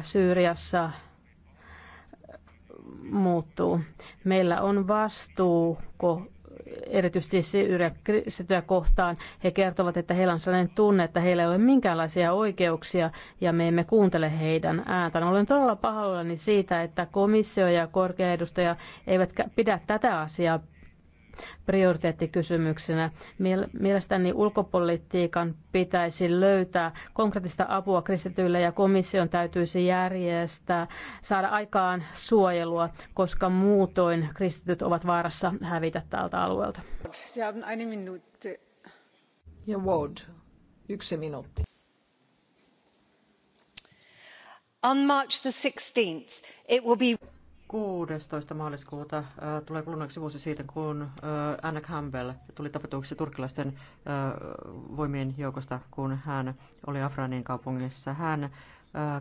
Syyriassa muuttuu. Meillä on vastuu erityisesti syyriä kohtaan. He kertovat, että heillä on sellainen tunne, että heillä ei ole minkäänlaisia oikeuksia ja me emme kuuntele heidän ääntään. Olen todella pahoillani siitä, että komissio ja korkea edustaja eivät pidä tätä asiaa prioriteettikysymyksenä. Mielestäni ulkopolitiikan pitäisi löytää konkreettista apua kristityille ja komission täytyisi järjestää, saada aikaan suojelua, koska muutoin kristityt ovat vaarassa hävitä tältä alueelta. Ja Ward, yksi minuutti. On March the 16th, it will be 16. maaliskuuta äh, tulee kuluneeksi vuosi siitä, kun äh, Anna Campbell tuli tapetuksi turkkilaisten äh, voimien joukosta, kun hän oli Afranin kaupungissa. Hän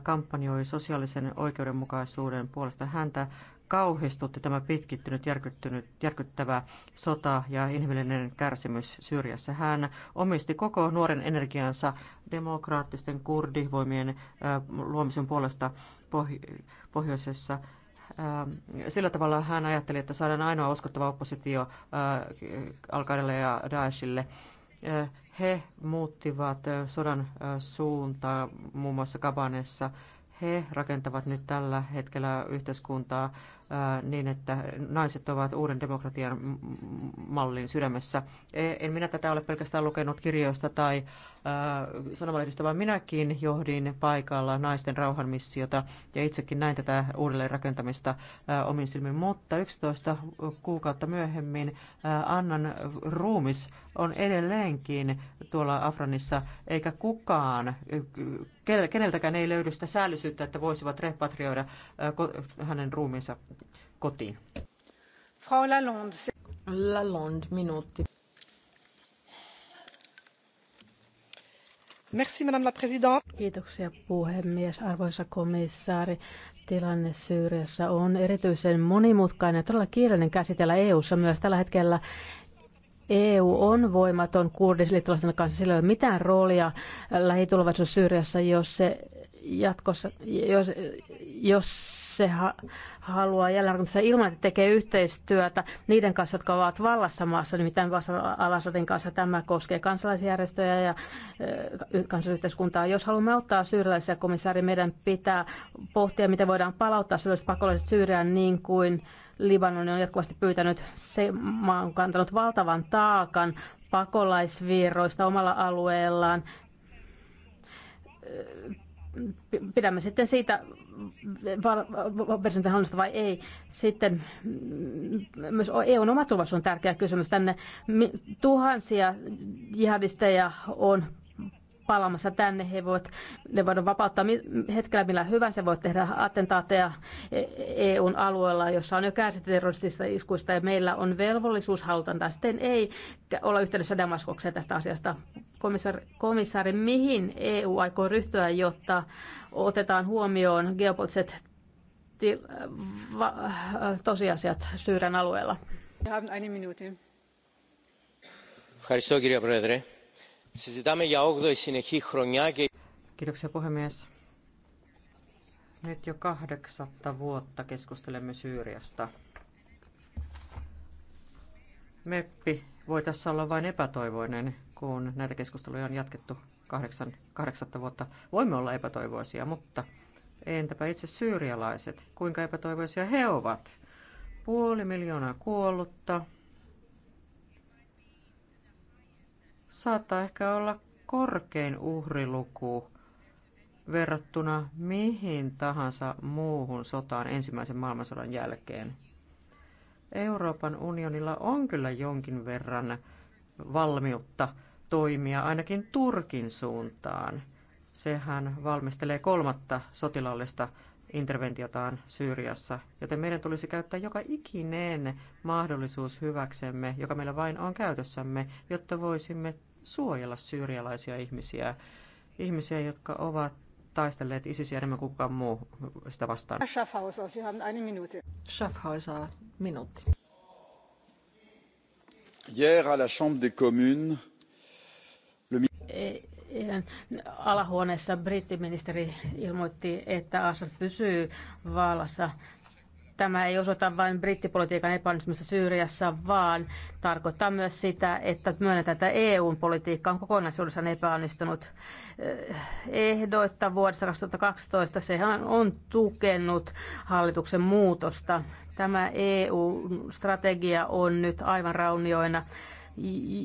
kampanjoi sosiaalisen oikeudenmukaisuuden puolesta. Häntä kauhistutti tämä pitkittynyt, järkyttynyt, järkyttävä sota ja inhimillinen kärsimys Syyriassa. Hän omisti koko nuoren energiansa demokraattisten kurdivoimien luomisen puolesta pohjoisessa. Ähm, sillä tavalla hän ajatteli, että saadaan ainoa uskottava oppositio äh, al ja Daeshille. Äh, he muuttivat äh, sodan suuntaa muun muassa Kabanessa. He rakentavat nyt tällä hetkellä yhteiskuntaa, niin, että naiset ovat uuden demokratian mallin sydämessä. E, en minä tätä ole pelkästään lukenut kirjoista tai sanomalehdistä, vaan minäkin johdin paikalla naisten rauhanmissiota ja itsekin näin tätä uudelleenrakentamista rakentamista omin silmin. Mutta 11 kuukautta myöhemmin Annan ruumis on edelleenkin tuolla Afranissa, eikä kukaan, keneltäkään ei löydy sitä säällisyyttä, että voisivat repatrioida hänen ruumiinsa kotiin. Frau Lalonde. Lalonde, minuutti. Merci, Madame la Présidente. Kiitoksia puhemies, arvoisa komissaari. Tilanne Syyriassa on erityisen monimutkainen ja todella kiireinen käsitellä EU-ssa myös tällä hetkellä EU on voimaton kurdisliittolaisten kanssa, sillä ei ole mitään roolia lähitulevaisuudessa Syyriassa, jos se jatkossa, jos, jos se ha- haluaa jälleenrakennusta ilman, että tekee yhteistyötä niiden kanssa, jotka ovat vallassa maassa, nimittäin vasta alasotin kanssa. Tämä koskee kansalaisjärjestöjä ja kansalaisyhteiskuntaa. Jos haluamme auttaa syyrialaisia komissaari, meidän pitää pohtia, miten voidaan palauttaa syyrialaiset pakolaiset Syyriaan niin kuin Libanon on jatkuvasti pyytänyt, se maa on kantanut valtavan taakan pakolaisvirroista omalla alueellaan. Pidämme sitten siitä presidentin hallinnosta vai ei. Sitten myös EUn oma on tärkeä kysymys. Tänne tuhansia jihadisteja on palaamassa tänne. He voivat, ne voidaan vapauttaa hetkellä millä hyvänsä. Voivat tehdä attentaatteja EUn e alueella, jossa on jo kärsitty terroristista iskuista. Ja meillä on velvollisuus, halutaan tai sitten ei, olla yhteydessä Damaskokseen tästä asiasta. Komissaari, komissaari, mihin EU aikoo ryhtyä, jotta otetaan huomioon geopoliittiset tosiasiat Syyrian alueella? Ευχαριστώ κύριε Πρόεδρε. Kiitoksia puhemies. Nyt jo kahdeksatta vuotta keskustelemme Syyriasta. Meppi voi tässä olla vain epätoivoinen, kun näitä keskusteluja on jatkettu kahdeksan, kahdeksatta vuotta. Voimme olla epätoivoisia, mutta entäpä itse syyrialaiset? Kuinka epätoivoisia he ovat? Puoli miljoonaa kuollutta, saattaa ehkä olla korkein uhriluku verrattuna mihin tahansa muuhun sotaan ensimmäisen maailmansodan jälkeen. Euroopan unionilla on kyllä jonkin verran valmiutta toimia ainakin Turkin suuntaan. Sehän valmistelee kolmatta sotilaallista interventiotaan Syyriassa, joten meidän tulisi käyttää joka ikinen mahdollisuus hyväksemme, joka meillä vain on käytössämme, jotta voisimme suojella syyrialaisia ihmisiä, ihmisiä, jotka ovat taistelleet ISISiä enemmän kuin kukaan muu sitä vastaan. Schaffhauser, Schaffhauser, minuutti. Hier à la Chambre des communes, le... Eh, alahuoneessa brittiministeri ilmoitti, että Assad pysyy vaalassa. Tämä ei osoita vain brittipolitiikan epäonnistumista Syyriassa, vaan tarkoittaa myös sitä, että myönnetään, että EU-politiikka on kokonaisuudessaan epäonnistunut. Ehdoitta vuodesta 2012 sehän on tukenut hallituksen muutosta. Tämä EU-strategia on nyt aivan raunioina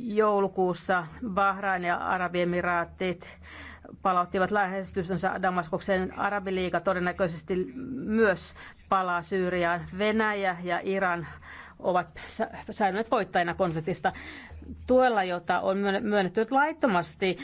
joulukuussa Bahrain ja Arabiemiraatit palauttivat lähestystönsä Damaskoksen Arabiliiga todennäköisesti myös palaa Syyriaan. Venäjä ja Iran ovat säilyneet voittajina konfliktista. Tuella, jota on myönnetty laittomasti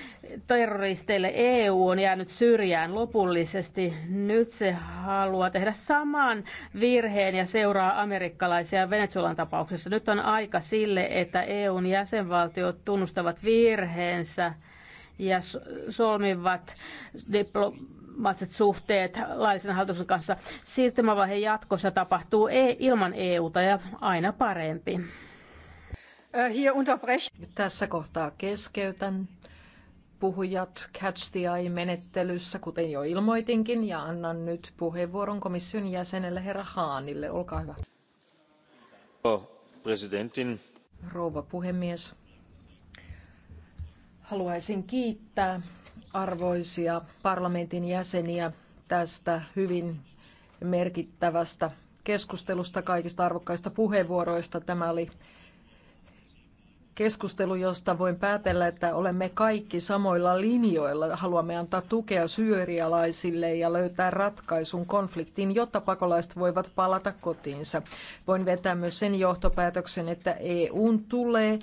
terroristeille, EU on jäänyt syrjään lopullisesti. Nyt se haluaa tehdä saman virheen ja seuraa amerikkalaisia Venezuelan tapauksessa. Nyt on aika sille, että EUn jäsenvaltiot tunnustavat virheensä ja solmivat diplo- matset suhteet laillisen hallituksen kanssa. Siirtymävaihe jatkossa tapahtuu e- ilman EUta ja aina parempi. Äh, Tässä kohtaa keskeytän puhujat Catch the Eye-menettelyssä, kuten jo ilmoitinkin, ja annan nyt puheenvuoron komission jäsenelle herra Haanille. Olkaa hyvä. Presidentin. Rouva puhemies, haluaisin kiittää arvoisia parlamentin jäseniä tästä hyvin merkittävästä keskustelusta, kaikista arvokkaista puheenvuoroista. Tämä oli keskustelu, josta voin päätellä, että olemme kaikki samoilla linjoilla. Haluamme antaa tukea syyrialaisille ja löytää ratkaisun konfliktiin, jotta pakolaiset voivat palata kotiinsa. Voin vetää myös sen johtopäätöksen, että EUn tulee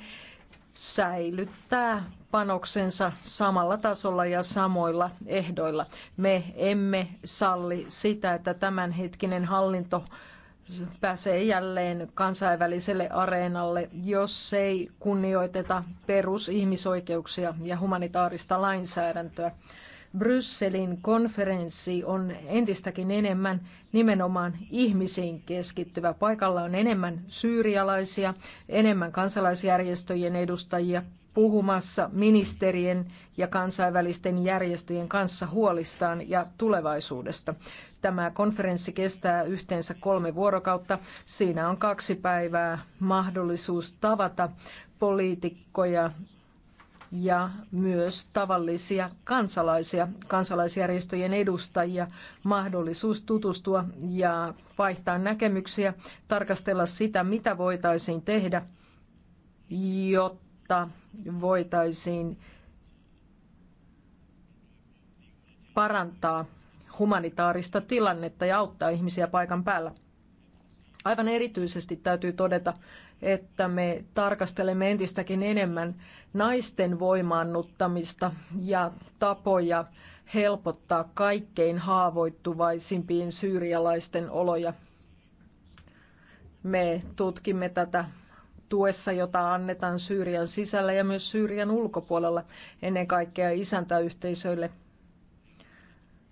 säilyttää panoksensa samalla tasolla ja samoilla ehdoilla. Me emme salli sitä, että tämänhetkinen hallinto pääsee jälleen kansainväliselle areenalle, jos ei kunnioiteta perusihmisoikeuksia ja humanitaarista lainsäädäntöä. Brysselin konferenssi on entistäkin enemmän nimenomaan ihmisiin keskittyvä. Paikalla on enemmän syyrialaisia, enemmän kansalaisjärjestöjen edustajia, puhumassa ministerien ja kansainvälisten järjestöjen kanssa huolistaan ja tulevaisuudesta. Tämä konferenssi kestää yhteensä kolme vuorokautta. Siinä on kaksi päivää mahdollisuus tavata poliitikkoja ja myös tavallisia kansalaisia, kansalaisjärjestöjen edustajia, mahdollisuus tutustua ja vaihtaa näkemyksiä, tarkastella sitä, mitä voitaisiin tehdä, jotta kautta voitaisiin parantaa humanitaarista tilannetta ja auttaa ihmisiä paikan päällä. Aivan erityisesti täytyy todeta, että me tarkastelemme entistäkin enemmän naisten voimaannuttamista ja tapoja helpottaa kaikkein haavoittuvaisimpiin syyrialaisten oloja. Me tutkimme tätä tuessa, jota annetaan Syyrian sisällä ja myös Syyrian ulkopuolella, ennen kaikkea isäntäyhteisöille,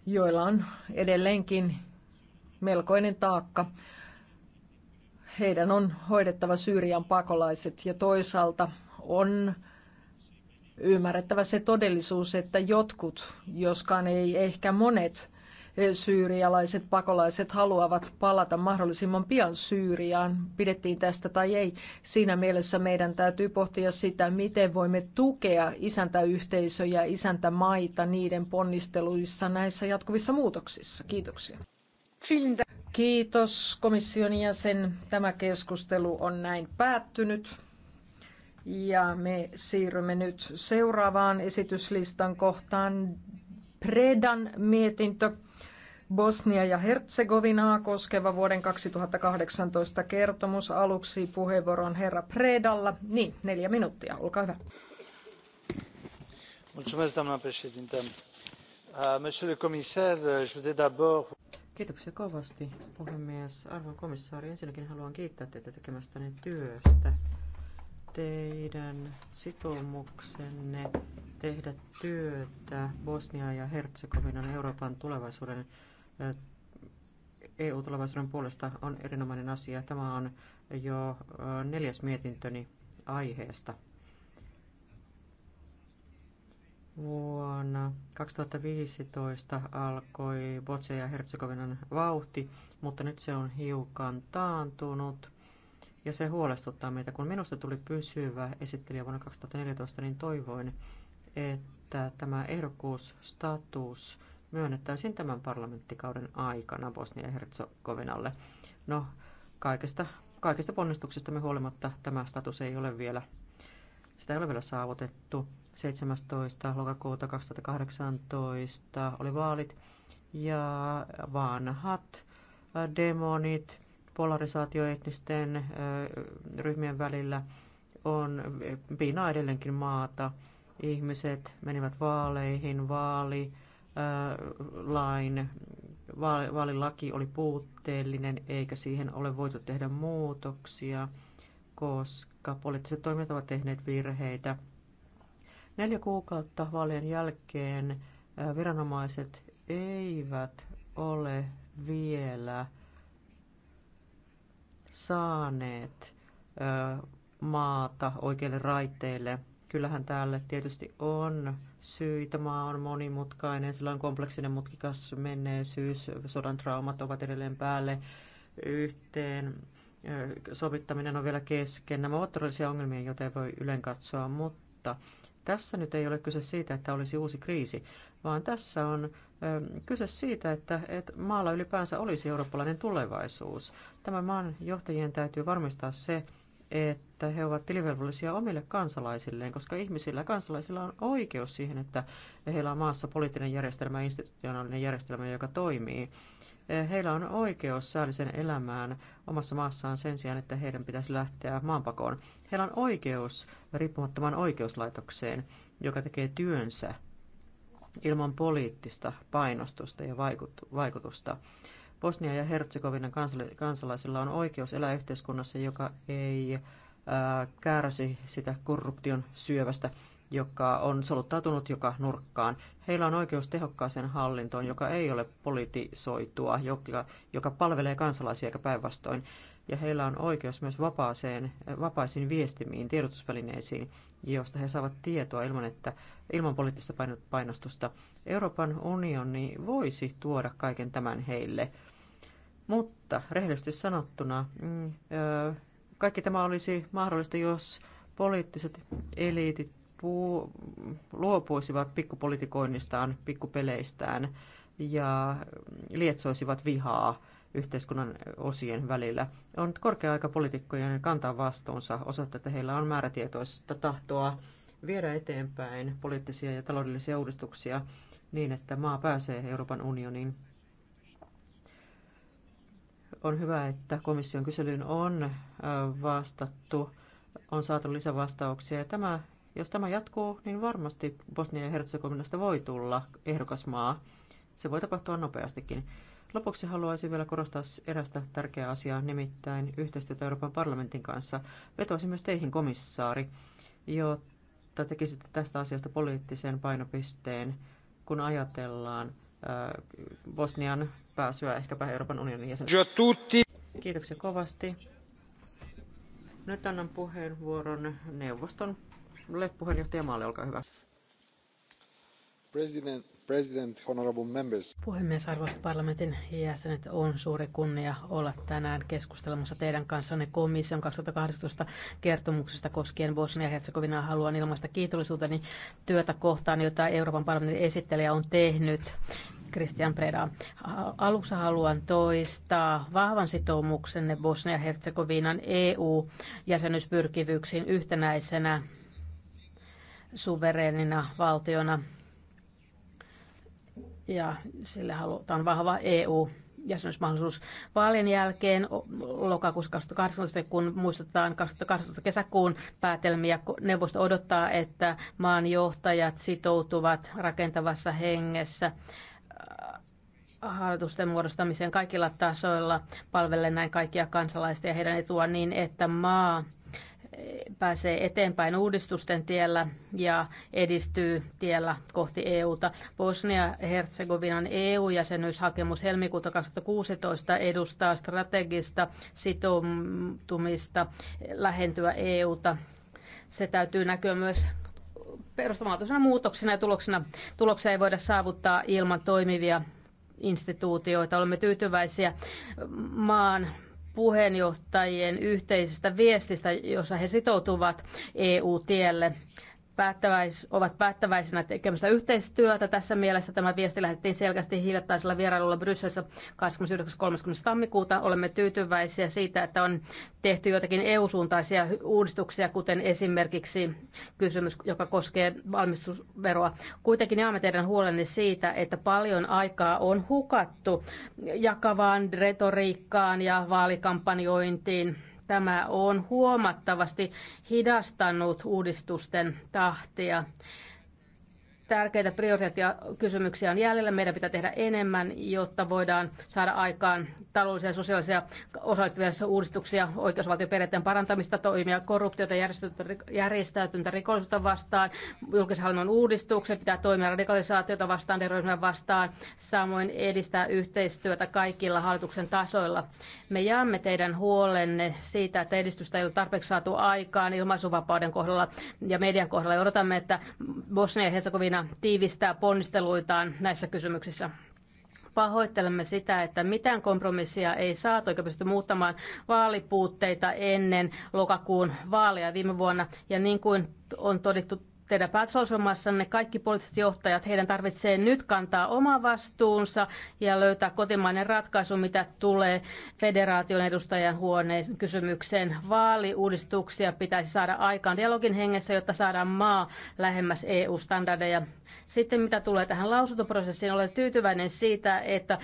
joilla on edelleenkin melkoinen taakka. Heidän on hoidettava Syyrian pakolaiset ja toisaalta on ymmärrettävä se todellisuus, että jotkut, joskaan ei ehkä monet, syyrialaiset pakolaiset haluavat palata mahdollisimman pian Syyriaan, pidettiin tästä tai ei. Siinä mielessä meidän täytyy pohtia sitä, miten voimme tukea isäntäyhteisöjä, isäntämaita niiden ponnisteluissa näissä jatkuvissa muutoksissa. Kiitoksia. Kiitos komission jäsen. Tämä keskustelu on näin päättynyt. Ja me siirrymme nyt seuraavaan esityslistan kohtaan. Predan mietintö. Bosnia ja Hertsegovinaa koskeva vuoden 2018 kertomus. Aluksi puheenvuoron herra Predalla. Niin, neljä minuuttia, olkaa hyvä. Mulțumesc, doamna președintă. Uh, Monsieur le commissaire, uh, Kiitoksia kovasti, puhemies. Arvon komissaari, ensinnäkin haluan kiittää teitä tekemästänne työstä. Teidän sitoumuksenne tehdä työtä Bosnia ja Herzegovinan Euroopan tulevaisuuden EU-tulevaisuuden puolesta on erinomainen asia. Tämä on jo neljäs mietintöni aiheesta. Vuonna 2015 alkoi Botse ja Herzegovinan vauhti, mutta nyt se on hiukan taantunut. Ja se huolestuttaa meitä. Kun minusta tuli pysyvä esittelijä vuonna 2014, niin toivoin, että tämä ehdokkuusstatus myönnettäisiin tämän parlamenttikauden aikana Bosnia-Herzegovinalle. No, kaikesta, kaikesta ponnistuksestamme huolimatta tämä status ei ole vielä, sitä ei ole vielä saavutettu. 17. lokakuuta 2018 oli vaalit ja vanhat demonit, polarisaatio etnisten ryhmien välillä on piinaa edelleenkin maata. Ihmiset menivät vaaleihin, vaali lain vaalilaki oli puutteellinen eikä siihen ole voitu tehdä muutoksia, koska poliittiset toimijat ovat tehneet virheitä. Neljä kuukautta vaalien jälkeen viranomaiset eivät ole vielä saaneet maata oikeille raiteille. Kyllähän täällä tietysti on syitä. Maa on monimutkainen, sillä on kompleksinen mutkikas menneisyys, sodan traumat ovat edelleen päälle yhteen. Sovittaminen on vielä kesken. Nämä ovat todellisia ongelmia, joita ei voi ylen katsoa, mutta tässä nyt ei ole kyse siitä, että olisi uusi kriisi, vaan tässä on kyse siitä, että, että maalla ylipäänsä olisi eurooppalainen tulevaisuus. Tämän maan johtajien täytyy varmistaa se, että he ovat tilivelvollisia omille kansalaisilleen, koska ihmisillä kansalaisilla on oikeus siihen, että heillä on maassa poliittinen järjestelmä, institutionaalinen järjestelmä, joka toimii. Eh, heillä on oikeus säällisen elämään omassa maassaan sen sijaan, että heidän pitäisi lähteä maanpakoon. Heillä on oikeus riippumattomaan oikeuslaitokseen, joka tekee työnsä ilman poliittista painostusta ja vaikutusta. Bosnia ja Herzegovinan kansalaisilla on oikeus elää yhteiskunnassa, joka ei äh, kärsi sitä korruption syövästä, joka on soluttautunut joka nurkkaan. Heillä on oikeus tehokkaaseen hallintoon, joka ei ole politisoitua, joka, joka palvelee kansalaisia eikä päinvastoin. Ja heillä on oikeus myös vapaaseen, vapaisiin viestimiin, tiedotusvälineisiin, joista he saavat tietoa ilman, että, ilman poliittista painostusta. Euroopan unioni voisi tuoda kaiken tämän heille – mutta rehellisesti sanottuna mm, kaikki tämä olisi mahdollista, jos poliittiset eliitit puu, luopuisivat pikkupolitikoinnistaan, pikkupeleistään ja lietsoisivat vihaa yhteiskunnan osien välillä. On korkea aika poliitikkojen kantaa vastuunsa osoittaa, että heillä on määrätietoista tahtoa viedä eteenpäin poliittisia ja taloudellisia uudistuksia niin, että maa pääsee Euroopan unionin on hyvä, että komission kyselyyn on vastattu, on saatu lisävastauksia. Tämä, jos tämä jatkuu, niin varmasti Bosnia ja Herzegovinasta voi tulla maa. Se voi tapahtua nopeastikin. Lopuksi haluaisin vielä korostaa erästä tärkeää asiaa, nimittäin yhteistyötä Euroopan parlamentin kanssa. Vetoisin myös teihin, komissaari, jotta tekisitte tästä asiasta poliittisen painopisteen, kun ajatellaan Bosnian pääsyä ehkäpä Euroopan unionin jäseneksi. Kiitoksia kovasti. Nyt annan puheenvuoron neuvoston puheenjohtaja Maali, olkaa hyvä. President, President, honorable members. Puhemies, arvoisat parlamentin jäsenet, on suuri kunnia olla tänään keskustelemassa teidän kanssanne komission 2018 kertomuksesta koskien Bosnia ja Herzegovinaa. Haluan ilmaista kiitollisuuteni työtä kohtaan, jota Euroopan parlamentin esittelijä on tehnyt Christian Preda. Aluksi haluan toistaa vahvan sitoumuksenne Bosnia-Herzegovinan EU-jäsenyyspyrkivyyksiin yhtenäisenä suvereenina valtiona. Ja sille halutaan vahva EU jäsenyysmahdollisuus vaalien jälkeen lokakuussa 2018, kun muistetaan 2018 kesäkuun päätelmiä. Neuvosto odottaa, että maan johtajat sitoutuvat rakentavassa hengessä hallitusten muodostamiseen kaikilla tasoilla, palvelee näin kaikkia kansalaisia ja heidän etua niin, että maa eh, pääsee eteenpäin uudistusten tiellä ja edistyy tiellä kohti EUta. Bosnia-Herzegovinan EU-jäsenyyshakemus helmikuuta 2016 edustaa strategista sitoutumista lähentyä EUta. Se täytyy näkyä myös perustavanlaatuisena muutoksena ja tuloksena. Tuloksia ei voida saavuttaa ilman toimivia instituutioita. Olemme tyytyväisiä maan puheenjohtajien yhteisestä viestistä, jossa he sitoutuvat EU-tielle päättäväis, ovat päättäväisenä tekemässä yhteistyötä. Tässä mielessä tämä viesti lähetettiin selkeästi hiljattaisella vierailulla Brysselissä 29.30. tammikuuta. Olemme tyytyväisiä siitä, että on tehty joitakin EU-suuntaisia uudistuksia, kuten esimerkiksi kysymys, joka koskee valmistusveroa. Kuitenkin jaamme teidän huolenne siitä, että paljon aikaa on hukattu jakavaan retoriikkaan ja vaalikampanjointiin Tämä on huomattavasti hidastanut uudistusten tahtia tärkeitä prioriteettikysymyksiä on jäljellä. Meidän pitää tehdä enemmän, jotta voidaan saada aikaan taloudellisia ja sosiaalisia osallistuvia uudistuksia, oikeusvaltioperiaatteen parantamista, toimia korruptiota, järjestäytyntä rikollisuutta vastaan, julkishallinnon uudistukset, pitää toimia radikalisaatiota vastaan, terrorismia vastaan, samoin edistää yhteistyötä kaikilla hallituksen tasoilla. Me jaamme teidän huolenne siitä, että edistystä ei ole tarpeeksi saatu aikaan ilmaisuvapauden kohdalla ja median kohdalla. Odotamme, että Bosnia ja Herzegovina aina tiivistää ponnisteluitaan näissä kysymyksissä pahoittelemme sitä, että mitään kompromissia ei saatu eikä pysty muuttamaan vaalipuutteita ennen lokakuun vaaleja viime vuonna. Ja niin kuin on todettu, teidän päätösohjelmassanne kaikki poliittiset johtajat, heidän tarvitsee nyt kantaa oma vastuunsa ja löytää kotimainen ratkaisu, mitä tulee federaation edustajan huoneen kysymykseen. Vaaliuudistuksia pitäisi saada aikaan dialogin hengessä, jotta saadaan maa lähemmäs EU-standardeja. Sitten mitä tulee tähän lausuntoprosessiin, olen tyytyväinen siitä, että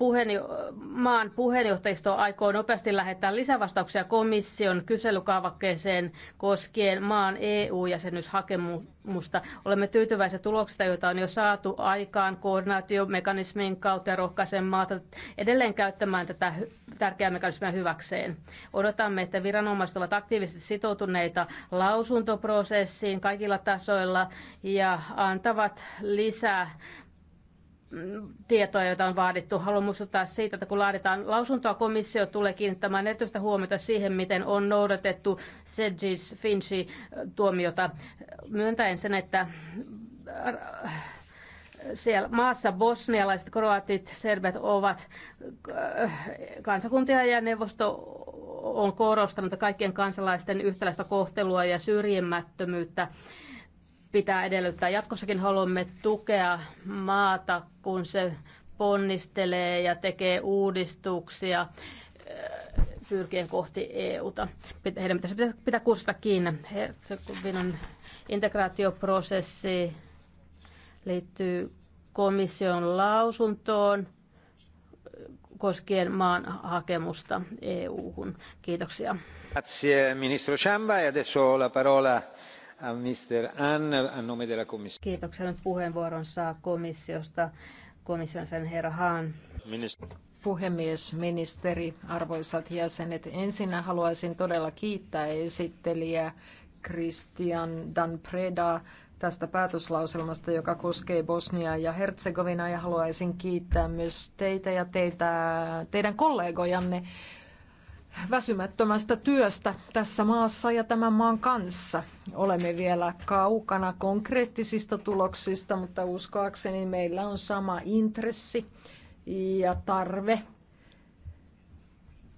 puheenjo- maan puheenjohtajisto aikoo nopeasti lähettää lisävastauksia komission kyselykaavakkeeseen koskien maan EU-jäsenyyshakemusta. Olemme tyytyväisiä tuloksista, joita on jo saatu aikaan koordinaatiomekanismin kautta ja rohkaisen maata edelleen käyttämään tätä tärkeää mekanismia hyväkseen. Odotamme, että viranomaiset ovat aktiivisesti sitoutuneita lausuntoprosessiin kaikilla tasoilla ja antavat lisää tietoa, joita on vaadittu. Haluan muistuttaa siitä, että kun laaditaan lausuntoa, komissio tulee kiinnittämään erityistä huomiota siihen, miten on noudatettu Sedgis Finchi-tuomiota, äh, myöntäen sen, että äh, siellä maassa bosnialaiset, kroatit, serbet ovat äh, kansakuntia ja neuvosto on korostanut kaikkien kansalaisten yhtäläistä kohtelua ja syrjimättömyyttä pitää edellyttää. Jatkossakin haluamme tukea maata, kun se ponnistelee ja tekee uudistuksia eh, pyrkien kohti EUta. Heidän pitäisi pitää, pitää kurssista kiinni. Herzegovinan integraatioprosessi liittyy komission lausuntoon koskien maan hakemusta EU-hun. Kiitoksia. Grazie, ministro Ciamba. E adesso la parola Mr. Anner, a nome della Commissione. Kiitoksia. Nyt puheenvuoron saa komissiosta komission sen herra Haan. Minister. Puhemies, ministeri, arvoisat jäsenet. Ensinnä haluaisin todella kiittää esittelijä Christian Danpreda tästä päätöslauselmasta, joka koskee Bosniaa ja Herzegovinaa. Ja haluaisin kiittää myös teitä ja teitä, teidän kollegojanne väsymättömästä työstä tässä maassa ja tämän maan kanssa. Olemme vielä kaukana konkreettisista tuloksista, mutta uskoakseni meillä on sama intressi ja tarve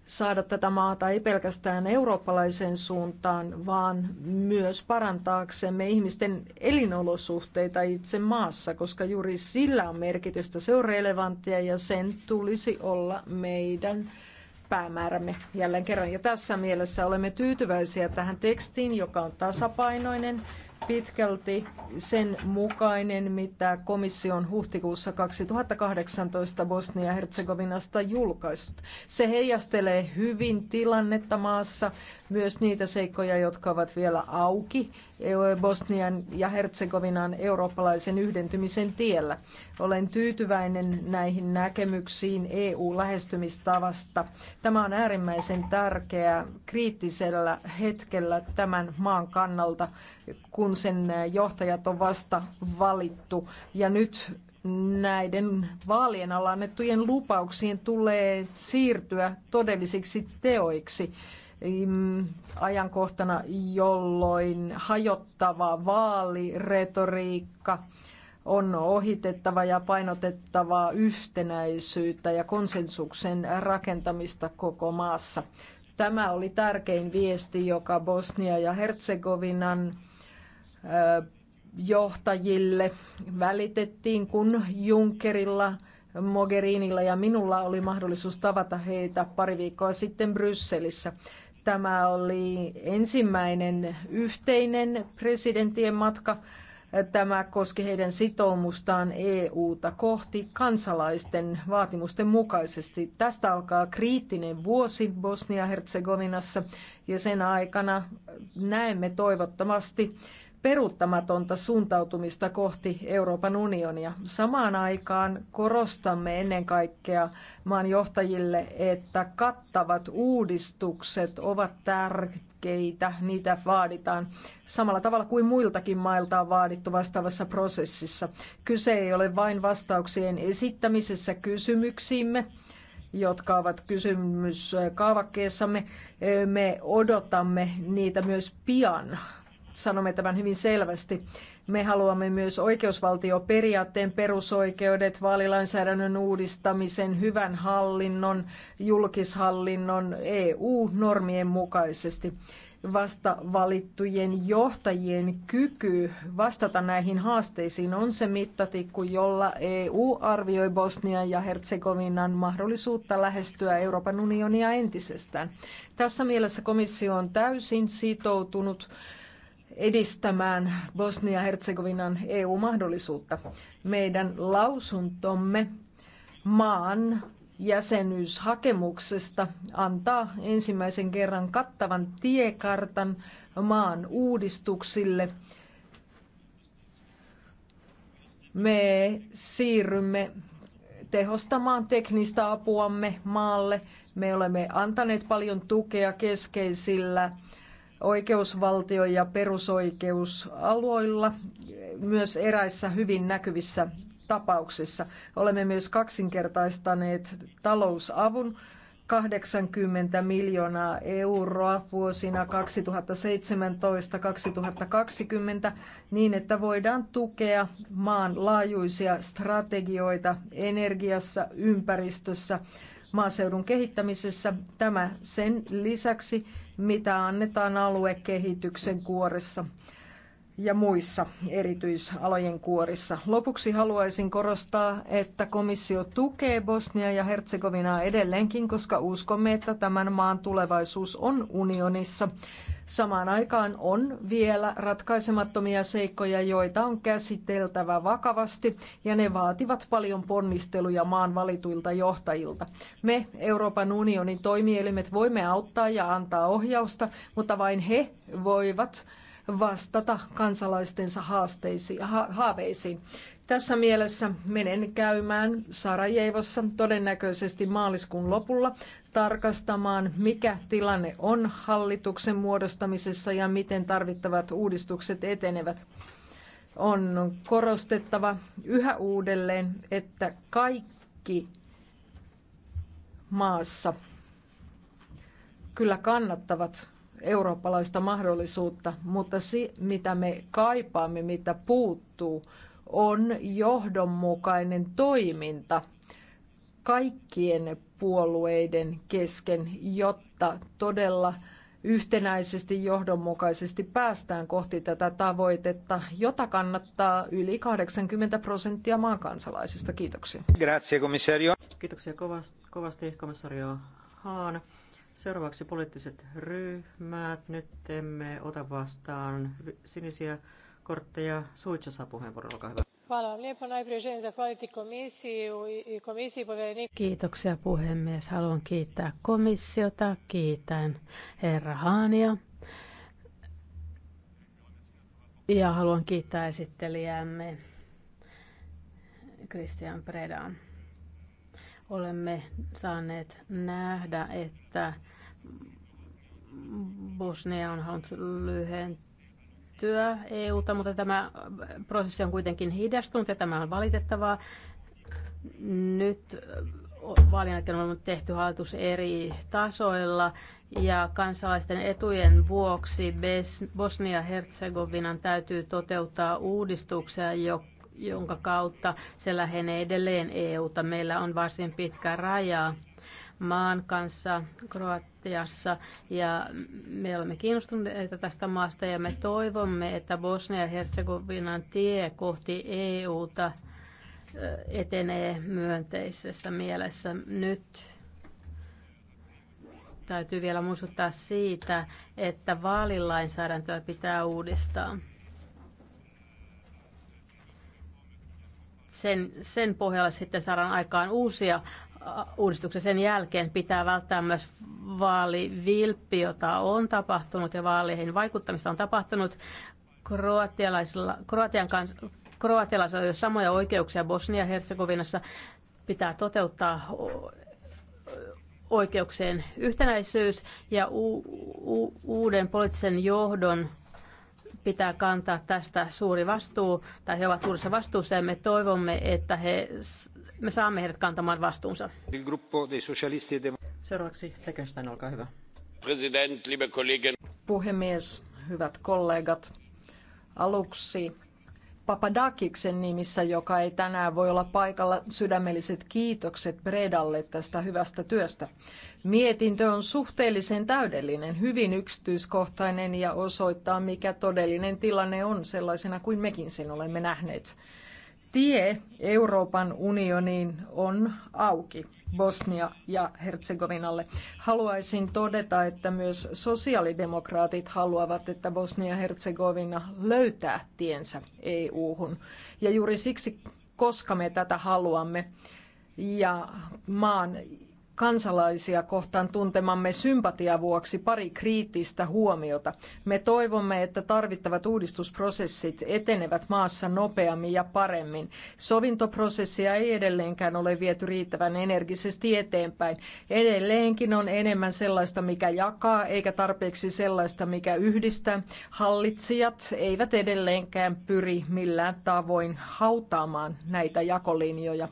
saada tätä maata ei pelkästään eurooppalaiseen suuntaan, vaan myös parantaaksemme ihmisten elinolosuhteita itse maassa, koska juuri sillä on merkitystä. Se on relevanttia ja sen tulisi olla meidän päämäärämme jälleen kerran. Ja tässä mielessä olemme tyytyväisiä tähän tekstiin, joka on tasapainoinen, pitkälti sen mukainen, mitä komissio on huhtikuussa 2018 Bosnia-Herzegovinasta julkaissut. Se heijastelee hyvin tilannetta maassa, myös niitä seikkoja, jotka ovat vielä auki Bosnian ja Herzegovinan eurooppalaisen yhdentymisen tiellä. Olen tyytyväinen näihin näkemyksiin EU-lähestymistavasta. Tämä on äärimmäisen tärkeää kriittisellä hetkellä tämän maan kannalta, kun sen johtajat on vasta valittu. Ja nyt näiden vaalien alla annettujen lupauksien tulee siirtyä todellisiksi teoiksi ajankohtana, jolloin hajottava vaaliretoriikka on ohitettava ja painotettava yhtenäisyyttä ja konsensuksen rakentamista koko maassa. Tämä oli tärkein viesti, joka Bosnia ja Herzegovinan johtajille välitettiin, kun Junckerilla, Mogherinilla ja minulla oli mahdollisuus tavata heitä pari viikkoa sitten Brysselissä. Tämä oli ensimmäinen yhteinen presidenttien matka. Tämä koski heidän sitoumustaan EU: ta kohti kansalaisten vaatimusten mukaisesti. Tästä alkaa kriittinen vuosi Bosnia-Herzegovinassa ja sen aikana näemme toivottavasti peruuttamatonta suuntautumista kohti Euroopan unionia. Samaan aikaan korostamme ennen kaikkea maan johtajille, että kattavat uudistukset ovat tärkeitä, niitä vaaditaan samalla tavalla kuin muiltakin mailta on vaadittu vastaavassa prosessissa. Kyse ei ole vain vastauksien esittämisessä kysymyksiimme, jotka ovat kysymyskaavakkeessamme. Me odotamme niitä myös pian sanomme tämän hyvin selvästi. Me haluamme myös oikeusvaltioperiaatteen perusoikeudet, vaalilainsäädännön uudistamisen, hyvän hallinnon, julkishallinnon, EU-normien mukaisesti vasta valittujen johtajien kyky vastata näihin haasteisiin on se mittatikku, jolla EU arvioi Bosnian ja Herzegovinan mahdollisuutta lähestyä Euroopan unionia entisestään. Tässä mielessä komissio on täysin sitoutunut edistämään Bosnia-Herzegovinan EU-mahdollisuutta. Meidän lausuntomme maan jäsenyyshakemuksesta antaa ensimmäisen kerran kattavan tiekartan maan uudistuksille. Me siirrymme tehostamaan teknistä apuamme maalle. Me olemme antaneet paljon tukea keskeisillä oikeusvaltio- ja perusoikeusalueilla myös eräissä hyvin näkyvissä tapauksissa. Olemme myös kaksinkertaistaneet talousavun 80 miljoonaa euroa vuosina 2017-2020 niin, että voidaan tukea maan laajuisia strategioita energiassa, ympäristössä maaseudun kehittämisessä. Tämä sen lisäksi, mitä annetaan aluekehityksen kuoressa ja muissa erityisalojen kuorissa. Lopuksi haluaisin korostaa, että komissio tukee Bosnia ja Herzegovinaa edelleenkin, koska uskomme, että tämän maan tulevaisuus on unionissa Samaan aikaan on vielä ratkaisemattomia seikkoja, joita on käsiteltävä vakavasti ja ne vaativat paljon ponnisteluja maan valituilta johtajilta. Me, Euroopan unionin toimielimet, voimme auttaa ja antaa ohjausta, mutta vain he voivat vastata kansalaistensa haasteisiin, ha- haaveisiin. Tässä mielessä menen käymään Sarajevossa todennäköisesti maaliskuun lopulla tarkastamaan, mikä tilanne on hallituksen muodostamisessa ja miten tarvittavat uudistukset etenevät. On korostettava yhä uudelleen, että kaikki maassa kyllä kannattavat eurooppalaista mahdollisuutta, mutta se, mitä me kaipaamme, mitä puuttuu, on johdonmukainen toiminta kaikkien puolueiden kesken, jotta todella yhtenäisesti johdonmukaisesti päästään kohti tätä tavoitetta, jota kannattaa yli 80 prosenttia maan kansalaisista. Kiitoksia. Grazie, komissario. Kiitoksia kovasti, komissario Haan. Seuraavaksi poliittiset ryhmät. Nyt emme ota vastaan sinisiä kortteja. Suitsa saa puheenvuoron, olkaa hyvä. Kiitoksia puhemies. Haluan kiittää komissiota. Kiitän herra Haania. Ja haluan kiittää esittelijäämme Christian Predan. Olemme saaneet nähdä, että Bosnia on halunnut lyhentää työ EUta, mutta tämä prosessi on kuitenkin hidastunut ja tämä on valitettavaa. Nyt vaalien on tehty hallitus eri tasoilla ja kansalaisten etujen vuoksi Bosnia-Herzegovinan täytyy toteuttaa uudistuksia, jonka kautta se lähenee edelleen EUta. Meillä on varsin pitkä raja maan kanssa Kroatiassa ja me olemme kiinnostuneita tästä maasta ja me toivomme, että Bosnia ja Herzegovinan tie kohti EUta etenee myönteisessä mielessä nyt. Täytyy vielä muistuttaa siitä, että vaalilainsäädäntöä pitää uudistaa. sen, sen pohjalle sitten saadaan aikaan uusia uudistuksen sen jälkeen pitää välttää myös vaalivilppi, jota on tapahtunut ja vaaleihin vaikuttamista on tapahtunut. Kroatialaisilla, Kroatian kans, kroatialaisilla on samoja oikeuksia Bosnia-Herzegovinassa. Pitää toteuttaa oikeuksien yhtenäisyys ja u- u- uuden poliittisen johdon pitää kantaa tästä suuri vastuu, tai he ovat suurissa vastuussa, ja me toivomme, että he me saamme heidät kantamaan vastuunsa. E Seuraavaksi Fleckenstein, olkaa hyvä. President, liebe Kollegen. Puhemies, hyvät kollegat. Aluksi Papadakiksen nimissä, joka ei tänään voi olla paikalla, sydämelliset kiitokset Bredalle tästä hyvästä työstä. Mietintö on suhteellisen täydellinen, hyvin yksityiskohtainen ja osoittaa, mikä todellinen tilanne on sellaisena kuin mekin sen olemme nähneet tie Euroopan unioniin on auki Bosnia ja Herzegovinalle. Haluaisin todeta, että myös sosiaalidemokraatit haluavat, että Bosnia-Herzegovina löytää tiensä EU-hun. Ja juuri siksi, koska me tätä haluamme, ja maan kansalaisia kohtaan tuntemamme sympatia vuoksi pari kriittistä huomiota. Me toivomme, että tarvittavat uudistusprosessit etenevät maassa nopeammin ja paremmin. Sovintoprosessia ei edelleenkään ole viety riittävän energisesti eteenpäin. Edelleenkin on enemmän sellaista, mikä jakaa, eikä tarpeeksi sellaista, mikä yhdistää. Hallitsijat eivät edelleenkään pyri millään tavoin hautaamaan näitä jakolinjoja.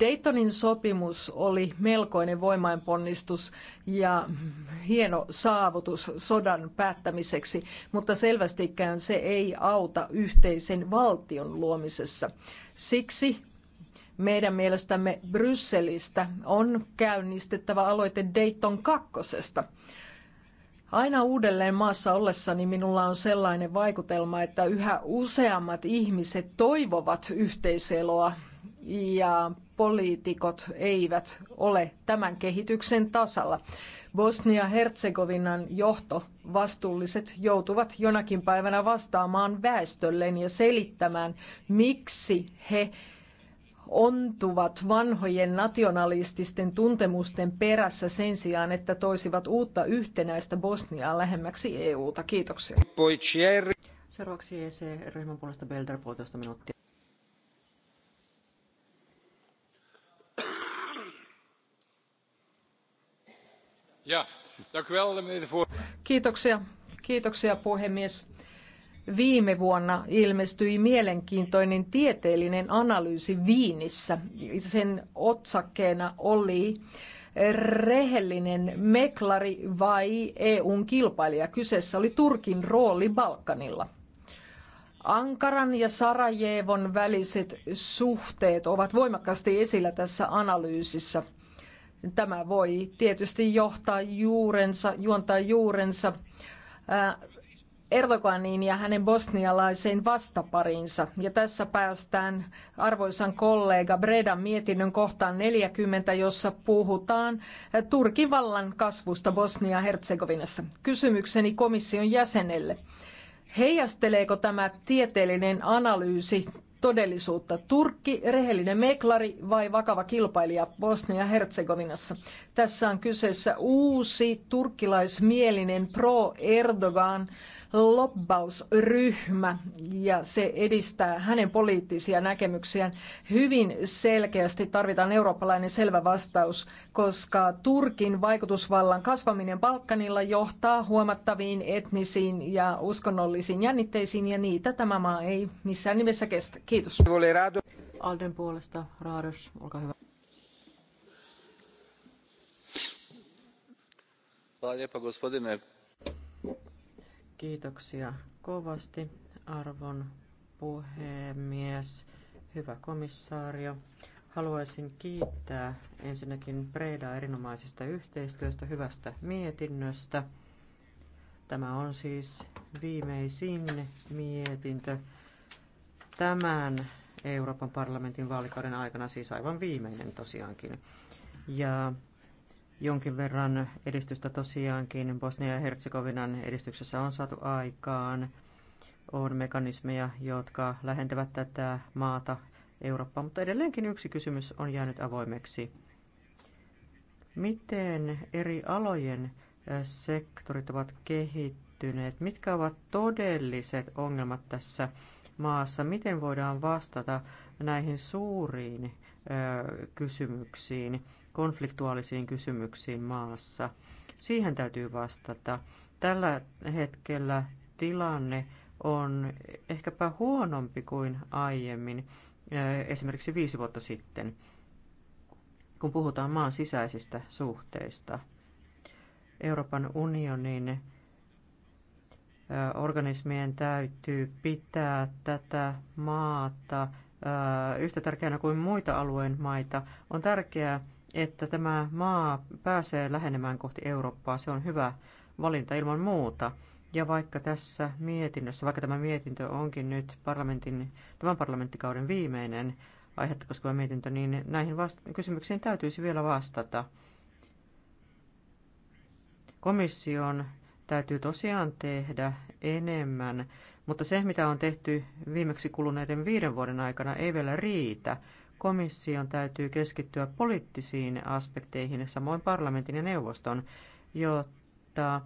Daytonin sopimus oli melkoinen voimainponnistus ja hieno saavutus sodan päättämiseksi, mutta selvästikään se ei auta yhteisen valtion luomisessa. Siksi meidän mielestämme Brysselistä on käynnistettävä aloite Dayton kakkosesta. Aina uudelleen maassa ollessani minulla on sellainen vaikutelma, että yhä useammat ihmiset toivovat yhteiseloa ja poliitikot eivät ole tämän kehityksen tasalla. Bosnia-Herzegovinan johto vastuulliset joutuvat jonakin päivänä vastaamaan väestölleen ja selittämään, miksi he ontuvat vanhojen nationalististen tuntemusten perässä sen sijaan, että toisivat uutta yhtenäistä Bosniaa lähemmäksi EU-ta. Kiitoksia. Seuraavaksi EC-ryhmän puolesta Belder puolitoista minuuttia. Kiitoksia. Kiitoksia puhemies. Viime vuonna ilmestyi mielenkiintoinen tieteellinen analyysi Viinissä. Sen otsakkeena oli eh, rehellinen meklari vai EUn kilpailija. Kyseessä oli Turkin rooli Balkanilla. Ankaran ja Sarajevon väliset suhteet ovat voimakkaasti esillä tässä analyysissä – Tämä voi tietysti johtaa juurensa, juontaa juurensa äh, Erdoganiin ja hänen bosnialaiseen vastaparinsa. Ja tässä päästään arvoisan kollega Bredan mietinnön kohtaan 40, jossa puhutaan Turkin vallan kasvusta Bosnia-Herzegovinassa. Kysymykseni komission jäsenelle. Heijasteleeko tämä tieteellinen analyysi todellisuutta. Turkki, rehellinen meklari vai vakava kilpailija Bosnia-Herzegovinassa? Tässä on kyseessä uusi turkkilaismielinen pro-Erdogan lobbausryhmä ja se edistää hänen poliittisia näkemyksiään. Hyvin selkeästi tarvitaan eurooppalainen selvä vastaus, koska Turkin vaikutusvallan kasvaminen Balkanilla johtaa huomattaviin etnisiin ja uskonnollisiin jännitteisiin ja niitä tämä maa ei missään nimessä kestä. Kiitos. Alden puolesta olkaa hyvä. gospodine Kiitoksia kovasti, arvon puhemies, hyvä komissaario. Haluaisin kiittää ensinnäkin Preida erinomaisesta yhteistyöstä, hyvästä mietinnöstä. Tämä on siis viimeisin mietintö tämän Euroopan parlamentin vaalikauden aikana, siis aivan viimeinen tosiaankin. Ja jonkin verran edistystä tosiaankin Bosnia ja Herzegovinan edistyksessä on saatu aikaan. On mekanismeja, jotka lähentävät tätä maata Eurooppaan, mutta edelleenkin yksi kysymys on jäänyt avoimeksi. Miten eri alojen sektorit ovat kehittyneet? Mitkä ovat todelliset ongelmat tässä maassa? Miten voidaan vastata näihin suuriin kysymyksiin? konfliktuaalisiin kysymyksiin maassa. Siihen täytyy vastata. Tällä hetkellä tilanne on ehkäpä huonompi kuin aiemmin, eh, esimerkiksi viisi vuotta sitten, kun puhutaan maan sisäisistä suhteista. Euroopan unionin eh, organismien täytyy pitää tätä maata eh, yhtä tärkeänä kuin muita alueen maita. On tärkeää että tämä maa pääsee lähenemään kohti Eurooppaa. Se on hyvä valinta ilman muuta. Ja vaikka tässä mietinnössä, vaikka tämä mietintö onkin nyt parlamentin, tämän parlamenttikauden viimeinen aihetta koskeva mietintö, niin näihin vasta- kysymyksiin täytyisi vielä vastata. Komission täytyy tosiaan tehdä enemmän, mutta se, mitä on tehty viimeksi kuluneiden viiden vuoden aikana, ei vielä riitä komission täytyy keskittyä poliittisiin aspekteihin, samoin parlamentin ja neuvoston, jotta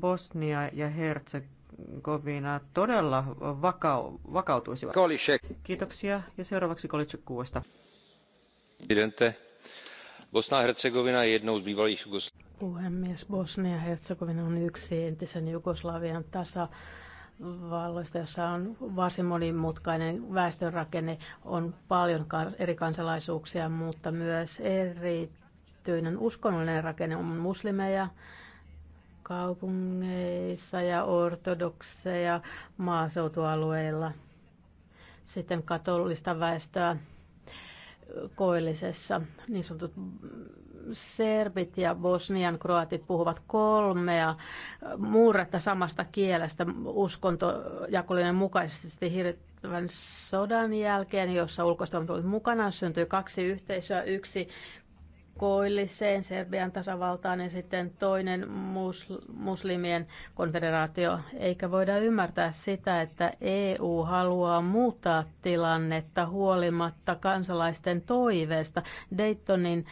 Bosnia ja Herzegovina todella vakau- vakautuisivat. Kolicek. Kiitoksia ja seuraavaksi Kolitsek kuuesta. Bosnia Herzegovina je jednou z bývalých Puhemies, Bosnia ja Herzegovina on yksi entisen Jugoslavian tasa Yhdysvalloista, jossa on varsin monimutkainen väestönrakenne, on paljon eri kansalaisuuksia, mutta myös erityinen uskonnollinen rakenne on muslimeja kaupungeissa ja ortodokseja maaseutualueilla. Sitten katolista väestöä koillisessa. Niin sanotut serbit ja bosnian kroatit puhuvat kolmea muuretta samasta kielestä uskontojakollinen mukaisesti hirvittävän sodan jälkeen, jossa on tullut mukana, syntyi kaksi yhteisöä, yksi koilliseen Serbian tasavaltaan ja sitten toinen muslimien konfederaatio. Eikä voida ymmärtää sitä, että EU haluaa muuttaa tilannetta huolimatta kansalaisten toiveesta. Daytonin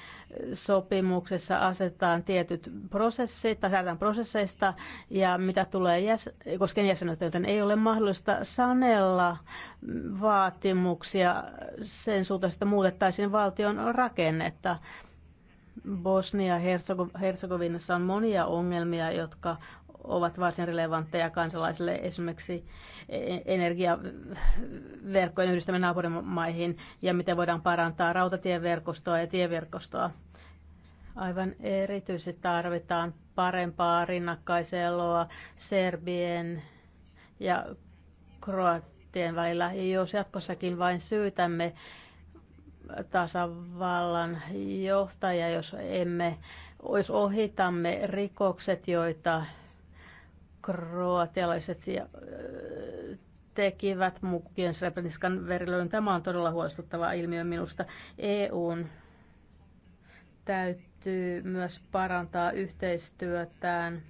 sopimuksessa asetetaan tietyt prosessit, säädetään prosesseista ja mitä tulee jäs, koskien jäsenyyttä, joten ei ole mahdollista sanella vaatimuksia sen suuntaan, että muutettaisiin valtion rakennetta. Bosnia-Herzegovinassa on monia ongelmia, jotka ovat varsin relevantteja kansalaisille, esimerkiksi energiaverkkojen yhdistäminen naapurimaihin ja miten voidaan parantaa rautatieverkostoa ja tieverkostoa. Aivan erityisesti tarvitaan parempaa rinnakkaiseloa Serbien ja Kroatian välillä. Ja jos jatkossakin vain syytämme tasavallan johtaja, jos emme, olisi ohitamme rikokset, joita kroatialaiset ja, tekivät mukien Srebrenskan verilöön. Tämä on todella huolestuttava ilmiö minusta. EUn täytyy myös parantaa yhteistyötään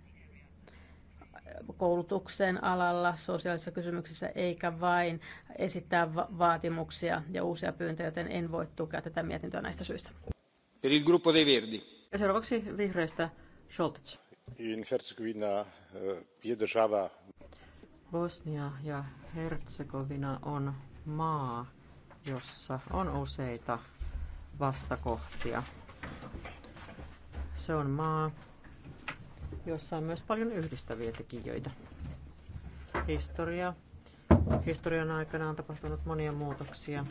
koulutuksen alalla, sosiaalisissa kysymyksissä, eikä vain esittää va- vaatimuksia ja uusia pyyntöjä, joten en voi tukea tätä mietintöä näistä syistä. Per il gruppo dei Verdi. Ja seuraavaksi vihreistä Scholz. In Herzegovina eh, Bosnia ja Herzegovina on maa, jossa on useita vastakohtia. Se on maa, jossa on myös paljon yhdistäviä tekijöitä. Historia. Historian aikana on tapahtunut monia muutoksia.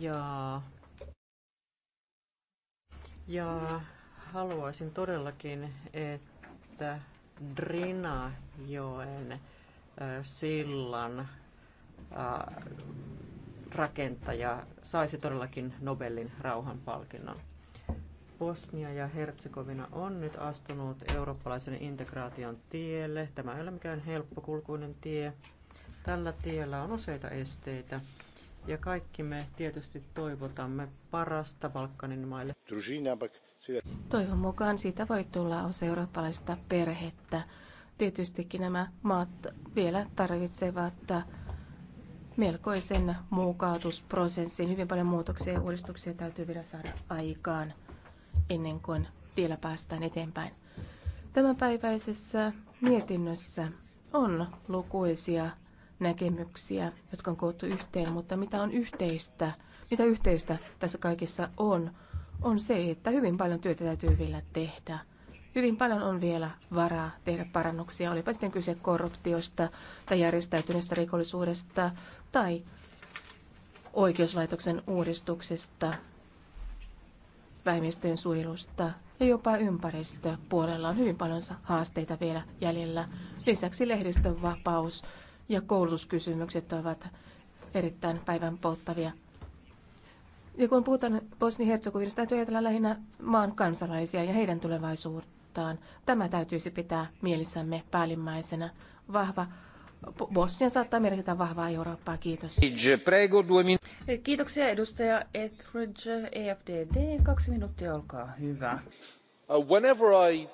Ja, ja haluaisin todellakin, että Drinajoen sillan rakentaja saisi todellakin Nobelin rauhanpalkinnon. Bosnia ja Herzegovina on nyt astunut eurooppalaisen integraation tielle. Tämä ei ole mikään helppokulkuinen tie. Tällä tiellä on useita esteitä ja kaikki me tietysti toivotamme parasta Balkanin maille. Toivon mukaan siitä voi tulla osa eurooppalaista perhettä. Tietystikin nämä maat vielä tarvitsevat melkoisen muokautusprosessin. Hyvin paljon muutoksia ja uudistuksia täytyy vielä saada aikaan ennen kuin tiellä päästään eteenpäin. Tämänpäiväisessä mietinnössä on lukuisia näkemyksiä, jotka on koottu yhteen, mutta mitä on yhteistä, mitä yhteistä tässä kaikessa on, on se, että hyvin paljon työtä täytyy vielä tehdä. Hyvin paljon on vielä varaa tehdä parannuksia, olipa sitten kyse korruptiosta tai järjestäytyneestä rikollisuudesta tai oikeuslaitoksen uudistuksesta vähemmistöjen suojelusta ja jopa ympäristöpuolella on hyvin paljon haasteita vielä jäljellä. Lisäksi lehdistön vapaus ja koulutuskysymykset ovat erittäin päivän polttavia. Ja kun puhutaan bosni herzegovina täytyy ajatella lähinnä maan kansalaisia ja heidän tulevaisuuttaan. Tämä täytyisi pitää mielissämme päällimmäisenä. Vahva Bosnia saattaa merkitä vahvaa Eurooppaa. Kiitos. Kiitoksia edustaja Etheridge, EFDD. Kaksi minuuttia, olkaa hyvä. Uh, whenever I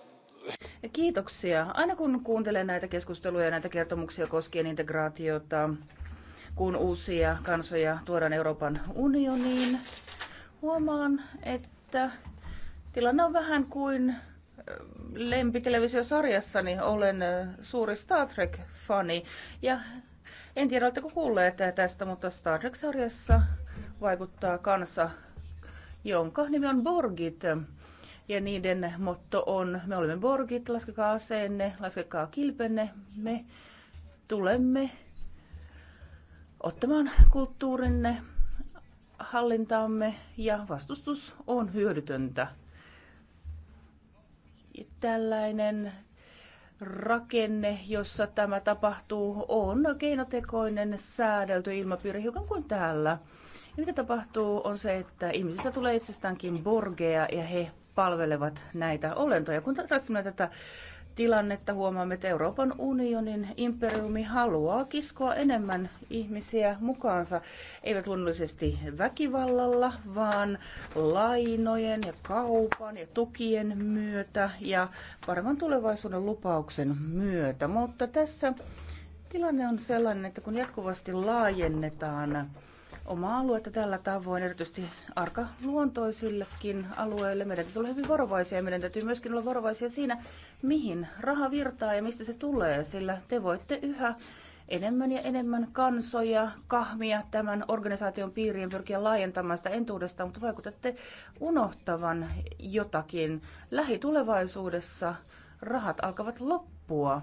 Kiitoksia. Aina kun kuuntelen näitä keskusteluja ja näitä kertomuksia koskien integraatiota, kun uusia kansoja tuodaan Euroopan unioniin, huomaan, että tilanne on vähän kuin eh, lempitelevisiosarjassani. Olen eh, suuri Star Trek fani. Ja en tiedä, oletteko kuulleet tästä, mutta Star Trek-sarjassa vaikuttaa kansa, jonka nimi on Borgit. Ja niiden motto on, me olemme Borgit, laskekaa aseenne, laskekaa kilpenne, me tulemme ottamaan kulttuurinne hallintaamme ja vastustus on hyödytöntä. Ja tällainen rakenne, jossa tämä tapahtuu, on keinotekoinen säädelty ilmapiiri, hiukan kuin täällä. Ja mitä tapahtuu on se, että ihmisistä tulee itsestäänkin borgeja ja he palvelevat näitä olentoja. Kun tarkastelemme tätä tilannetta, huomaamme, että Euroopan unionin imperiumi haluaa kiskoa enemmän ihmisiä mukaansa, eivät luonnollisesti väkivallalla, vaan lainojen ja kaupan ja tukien myötä ja paremman tulevaisuuden lupauksen myötä. Mutta tässä tilanne on sellainen, että kun jatkuvasti laajennetaan omaa aluetta tällä tavoin, erityisesti arka luontoisillekin alueille. Meidän täytyy olla hyvin varovaisia ja meidän täytyy myöskin olla varovaisia siinä, mihin raha virtaa ja mistä se tulee, sillä te voitte yhä enemmän ja enemmän kansoja, kahmia tämän organisaation piiriin pyrkiä laajentamaan sitä entuudesta, mutta vaikutatte unohtavan jotakin. Lähitulevaisuudessa rahat alkavat loppua.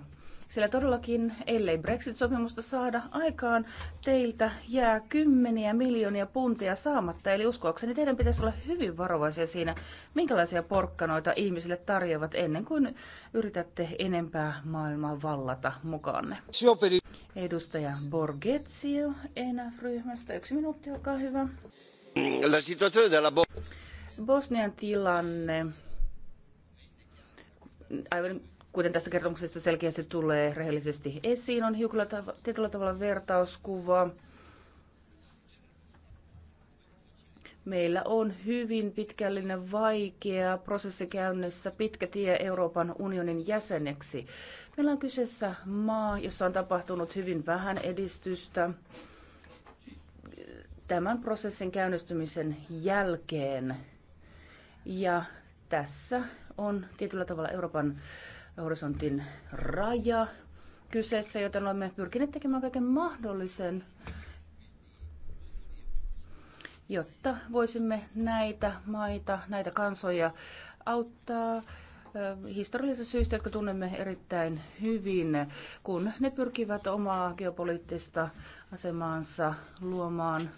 Sillä todellakin, ellei Brexit-sopimusta saada aikaan, teiltä jää kymmeniä miljoonia puntia saamatta. Eli uskoakseni teidän pitäisi olla hyvin varovaisia siinä, minkälaisia porkkanoita ihmisille tarjoavat ennen kuin yritätte enempää maailmaa vallata mukaanne. Edustaja Borgetsio, ENF-ryhmästä. Yksi minuutti, olkaa hyvä. La situazione della Bosnian tilanne aivan kuten tässä kertomuksessa selkeästi tulee rehellisesti esiin, on hiukan tav- tietyllä tavalla vertauskuva. Meillä on hyvin pitkällinen, vaikea prosessi käynnissä, pitkä tie Euroopan unionin jäseneksi. Meillä on kyseessä maa, jossa on tapahtunut hyvin vähän edistystä tämän prosessin käynnistymisen jälkeen. Ja tässä on tietyllä tavalla Euroopan horisontin raja kyseessä, joten olemme pyrkineet tekemään kaiken mahdollisen, jotta voisimme näitä maita, näitä kansoja auttaa historiallisista syistä, jotka tunnemme erittäin hyvin, kun ne pyrkivät omaa geopoliittista asemaansa luomaan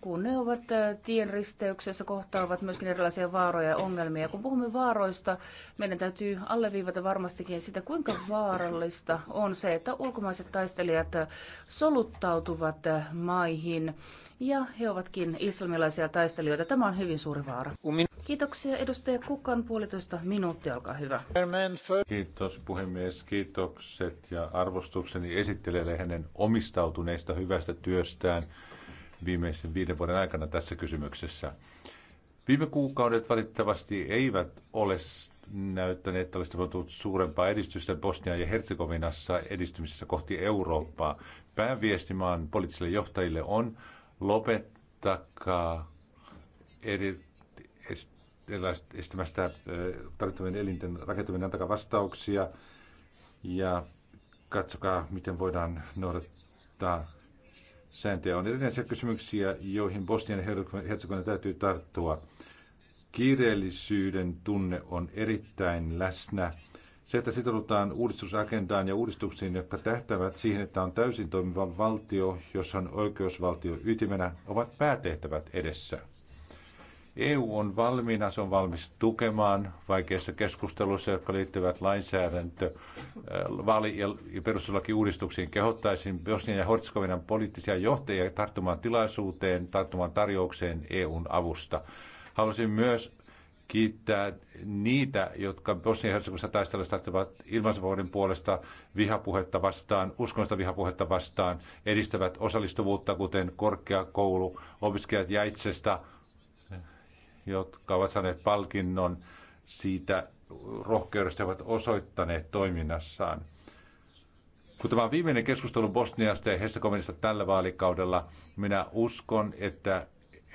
kun ne ovat tien risteyksessä, kohtaavat myöskin erilaisia vaaroja ja ongelmia. Kun puhumme vaaroista, meidän täytyy alleviivata varmastikin sitä, kuinka vaarallista on se, että ulkomaiset taistelijat soluttautuvat maihin ja he ovatkin islamilaisia taistelijoita. Tämä on hyvin suuri vaara. Kiitoksia edustaja Kukan puolitoista minuuttia, olkaa hyvä. Kiitos puhemies, kiitokset ja arvostukseni esittelijälle hänen omistautuneista hyvästä työstään viimeisen viiden vuoden aikana tässä kysymyksessä. Viime kuukaudet valitettavasti eivät ole näyttäneet, että olisi tapahtunut suurempaa edistystä Bosnia ja Herzegovinassa edistymisessä kohti Eurooppaa. Pääviesti maan poliittisille johtajille on lopettakaa eri, estämästä tarvittavien elinten rakentaminen, antakaa vastauksia ja katsokaa, miten voidaan noudattaa sääntöjä. On erinäisiä kysymyksiä, joihin Bosnian Herzegovina täytyy tarttua. Kiireellisyyden tunne on erittäin läsnä. Se, että sitoudutaan uudistusagendaan ja uudistuksiin, jotka tähtävät siihen, että on täysin toimiva valtio, jossa on oikeusvaltio ytimenä, ovat päätehtävät edessä. EU on valmiina, se on valmis tukemaan vaikeissa keskusteluissa, jotka liittyvät lainsäädäntö, äh, vaali- ja perustuslakiuudistuksiin. Kehottaisin Bosnian ja Hortskovinan poliittisia johtajia tarttumaan tilaisuuteen, tarttumaan tarjoukseen EUn avusta. Haluaisin myös kiittää niitä, jotka Bosnian Herzegovissa taistelussa taistelevat ilmaisuvuoden puolesta vihapuhetta vastaan, uskonnollista vihapuhetta vastaan, edistävät osallistuvuutta, kuten korkeakoulu, opiskelijat Jäitsestä, jotka ovat saaneet palkinnon siitä rohkeudesta, ovat osoittaneet toiminnassaan. Kun tämä on viimeinen keskustelu Bosniasta ja Herzegovinasta tällä vaalikaudella, minä uskon, että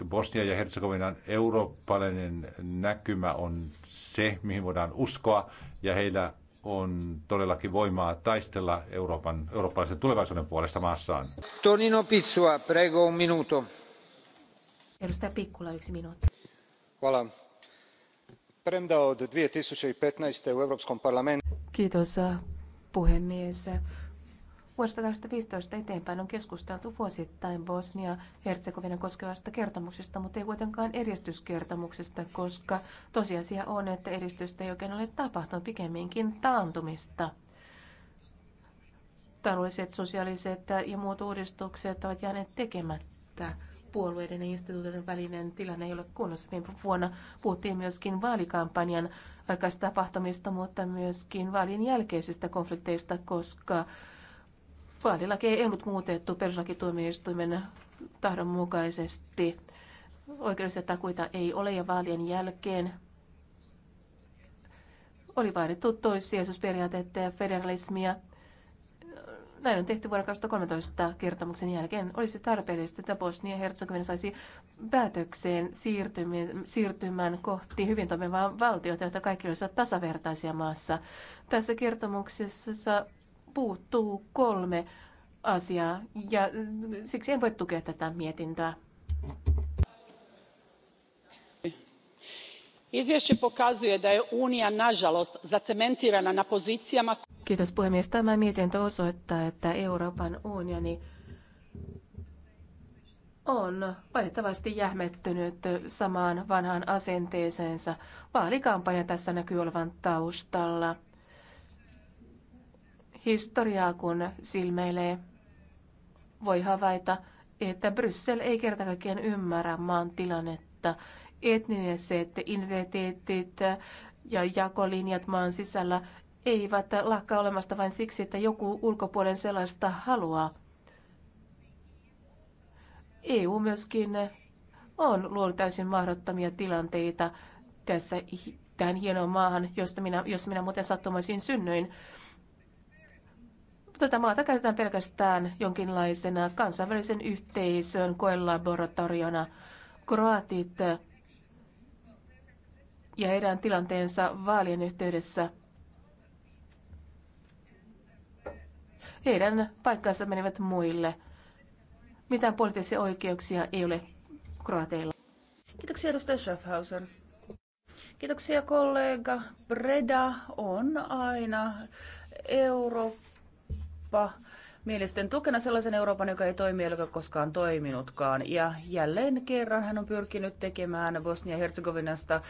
Bosnia ja Herzegovinan eurooppalainen näkymä on se, mihin voidaan uskoa, ja heillä on todellakin voimaa taistella Euroopan, eurooppalaisen tulevaisuuden puolesta maassaan. Tonino Pizzua, prego un minuto. Edustaja Pikkula, yksi minuutti premda od. and fifteen u europskom parlamentu. kiitos puhemies vuodesta kaksituhatta viisitoista eteenpäin on keskusteltu vuosittain bosnia herzegovina koskevasta kertomuksesta mutta ei kuitenkaan edistyskertomuksesta koska tosiasia on että edistystä ei oikein ole tapahtunut pikemminkin taantumista taloudelliset, sosiaaliset ja muut uudistukset ovat jääneet tekemättä puolueiden ja instituutioiden välinen tilanne ei ole kunnossa. Viime vuonna puhuttiin myöskin vaalikampanjan aikaisista tapahtumista, mutta myöskin vaalien jälkeisistä konflikteista, koska vaalilaki ei ollut muutettu perustuslakituomioistuimen tahdon mukaisesti. Oikeudellisia takuita ei ole ja vaalien jälkeen oli vaadittu toissijaisuusperiaatetta ja federalismia näin on tehty vuonna 2013 kertomuksen jälkeen. Olisi tarpeellista, että Bosnia-Herzegovina saisi päätökseen siirtymään kohti hyvin toimivaa valtiota, jotta kaikki olisivat tasavertaisia maassa. Tässä kertomuksessa puuttuu kolme asiaa ja siksi en voi tukea tätä mietintöä. Izvješće pokazuje da je Unija nažalost zacementirana na pozicijama... Kiitos puhemies. Tämä mietintö osoittaa, että Euroopan unioni on valitettavasti jähmettynyt samaan vanhaan asenteeseensa. Vaalikampanja tässä näkyy olevan taustalla. Historiaa kun silmeilee, voi havaita, että Bryssel ei kertakaikkiaan ymmärrä maan tilannetta etniset identiteetit ja jakolinjat maan sisällä eivät lakkaa olemasta vain siksi, että joku ulkopuolen sellaista haluaa. EU myöskin on luonut täysin mahdottomia tilanteita tässä tähän hienoon maahan, josta minä, jos minä muuten sattumaisin synnyin. Tätä maata käytetään pelkästään jonkinlaisena kansainvälisen yhteisön koelaboratoriona. Kroatit ja heidän tilanteensa vaalien yhteydessä. Heidän paikkansa menivät muille. Mitään poliittisia oikeuksia ei ole kroateilla. Kiitoksia edustaja Schaffhauser. Kiitoksia kollega. Breda on aina Eurooppa mielisten tukena sellaisen Euroopan, joka ei toimi eikä koskaan toiminutkaan. Ja jälleen kerran hän on pyrkinyt tekemään Bosnia-Herzegovinasta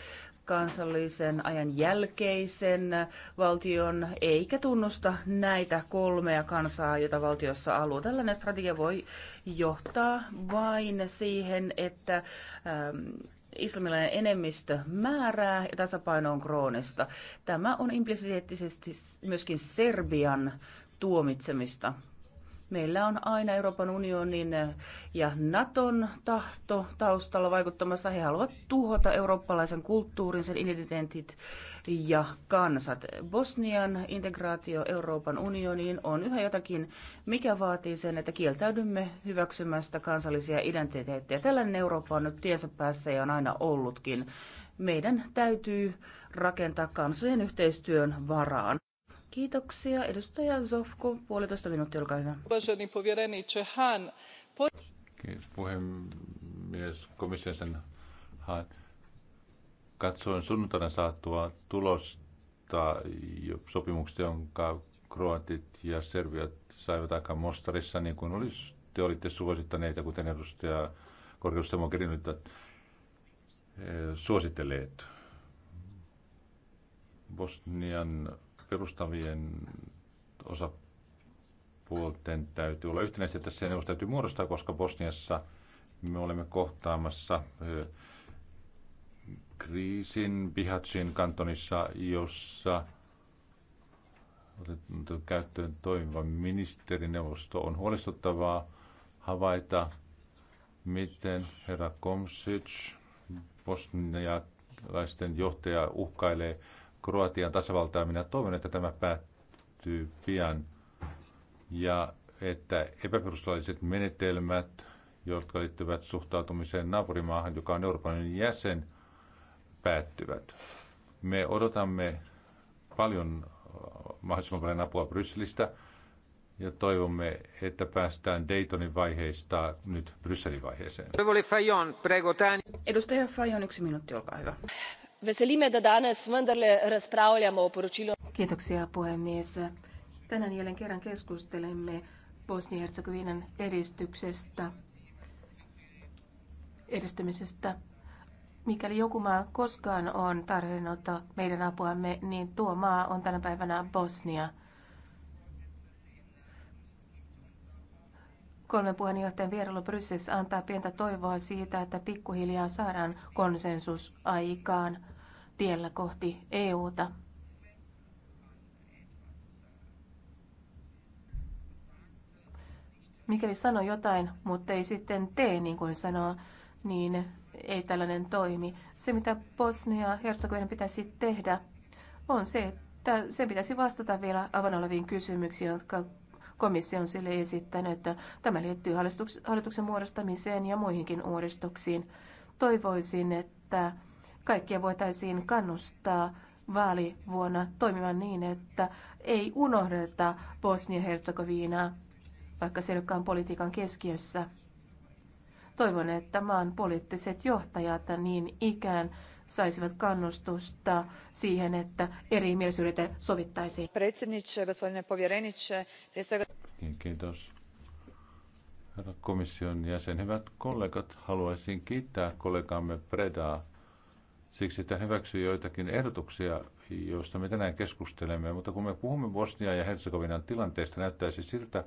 kansallisen ajan jälkeisen valtion, eikä tunnusta näitä kolmea kansaa, jota valtiossa aluu. Tällainen strategia voi johtaa vain siihen, että ähm, islamilainen enemmistö määrää ja tasapaino on kroonista. Tämä on implisiteettisesti myöskin Serbian tuomitsemista. Meillä on aina Euroopan unionin ja Naton tahto taustalla vaikuttamassa. He haluavat tuhota eurooppalaisen kulttuurin, sen identiteetit ja kansat. Bosnian integraatio Euroopan unioniin on yhä jotakin, mikä vaatii sen, että kieltäydymme hyväksymästä kansallisia identiteettejä. Tällainen Eurooppa on nyt tiensä päässä ja on aina ollutkin. Meidän täytyy rakentaa kansojen yhteistyön varaan. Kiitoksia. Edustaja Zofko, puolitoista minuuttia, olkaa hyvä. Puhemies, komission sen hän katsoin sunnuntaina saattua tulosta sopimuksesta, jonka kroatit ja serviat saivat aika Mostarissa, niin kuin olis, te olitte suosittaneita, kuten edustaja Korkeus Mogherini eh, suositteleet. Bosnian perustavien osapuolten täytyy olla yhtenäisiä. Tässä neuvosto täytyy muodostaa, koska Bosniassa me olemme kohtaamassa kriisin Bihatsin kantonissa, jossa otettu käyttöön toimiva ministerineuvosto. On huolestuttavaa havaita, miten herra Komsic, bosnialaisten johtaja, uhkailee Kroatian tasavaltaa. Minä toivon, että tämä päättyy pian ja että epäperustalliset menetelmät, jotka liittyvät suhtautumiseen naapurimaahan, joka on Euroopan jäsen, päättyvät. Me odotamme paljon äh, mahdollisimman paljon apua Brysselistä ja toivomme, että päästään Daytonin vaiheista nyt Brysselin vaiheeseen. Edustaja Fajon, yksi minuutti, olkaa hyvä veseli me, da danes vendarle razpravljamo o poročilu. Kiitoksia puhemies. Tänään jälleen kerran keskustelemme Bosnia-Herzegovinan edistyksestä, edistymisestä. Mikäli joku maa koskaan on tarvinnut meidän apuamme, niin tuo maa on tänä päivänä Bosnia. Kolmen puheenjohtajan vierailu Brysselissä antaa pientä toivoa siitä, että pikkuhiljaa saadaan konsensus aikaan tiellä kohti EUta. Mikäli sano jotain, mutta ei sitten tee niin kuin sanoo, niin ei tällainen toimi. Se, mitä Bosnia ja Herzegovina pitäisi tehdä, on se, että sen pitäisi vastata vielä avana oleviin kysymyksiin, jotka komissio on sille esittänyt, että tämä liittyy hallituksen muodostamiseen ja muihinkin uudistuksiin. Toivoisin, että Kaikkia voitaisiin kannustaa vaalivuonna toimimaan niin, että ei unohdeta Bosnia-Herzegovinaa, vaikka se on politiikan keskiössä. Toivon, että maan poliittiset johtajat niin ikään saisivat kannustusta siihen, että eri mielisyydet sovittaisiin. Niin, kiitos. Herra komission jäsen, hyvät kollegat, haluaisin kiittää kollegamme Predaa siksi, että hyväksyy joitakin ehdotuksia, joista me tänään keskustelemme. Mutta kun me puhumme Bosnia ja Herzegovinan tilanteesta, näyttäisi siltä,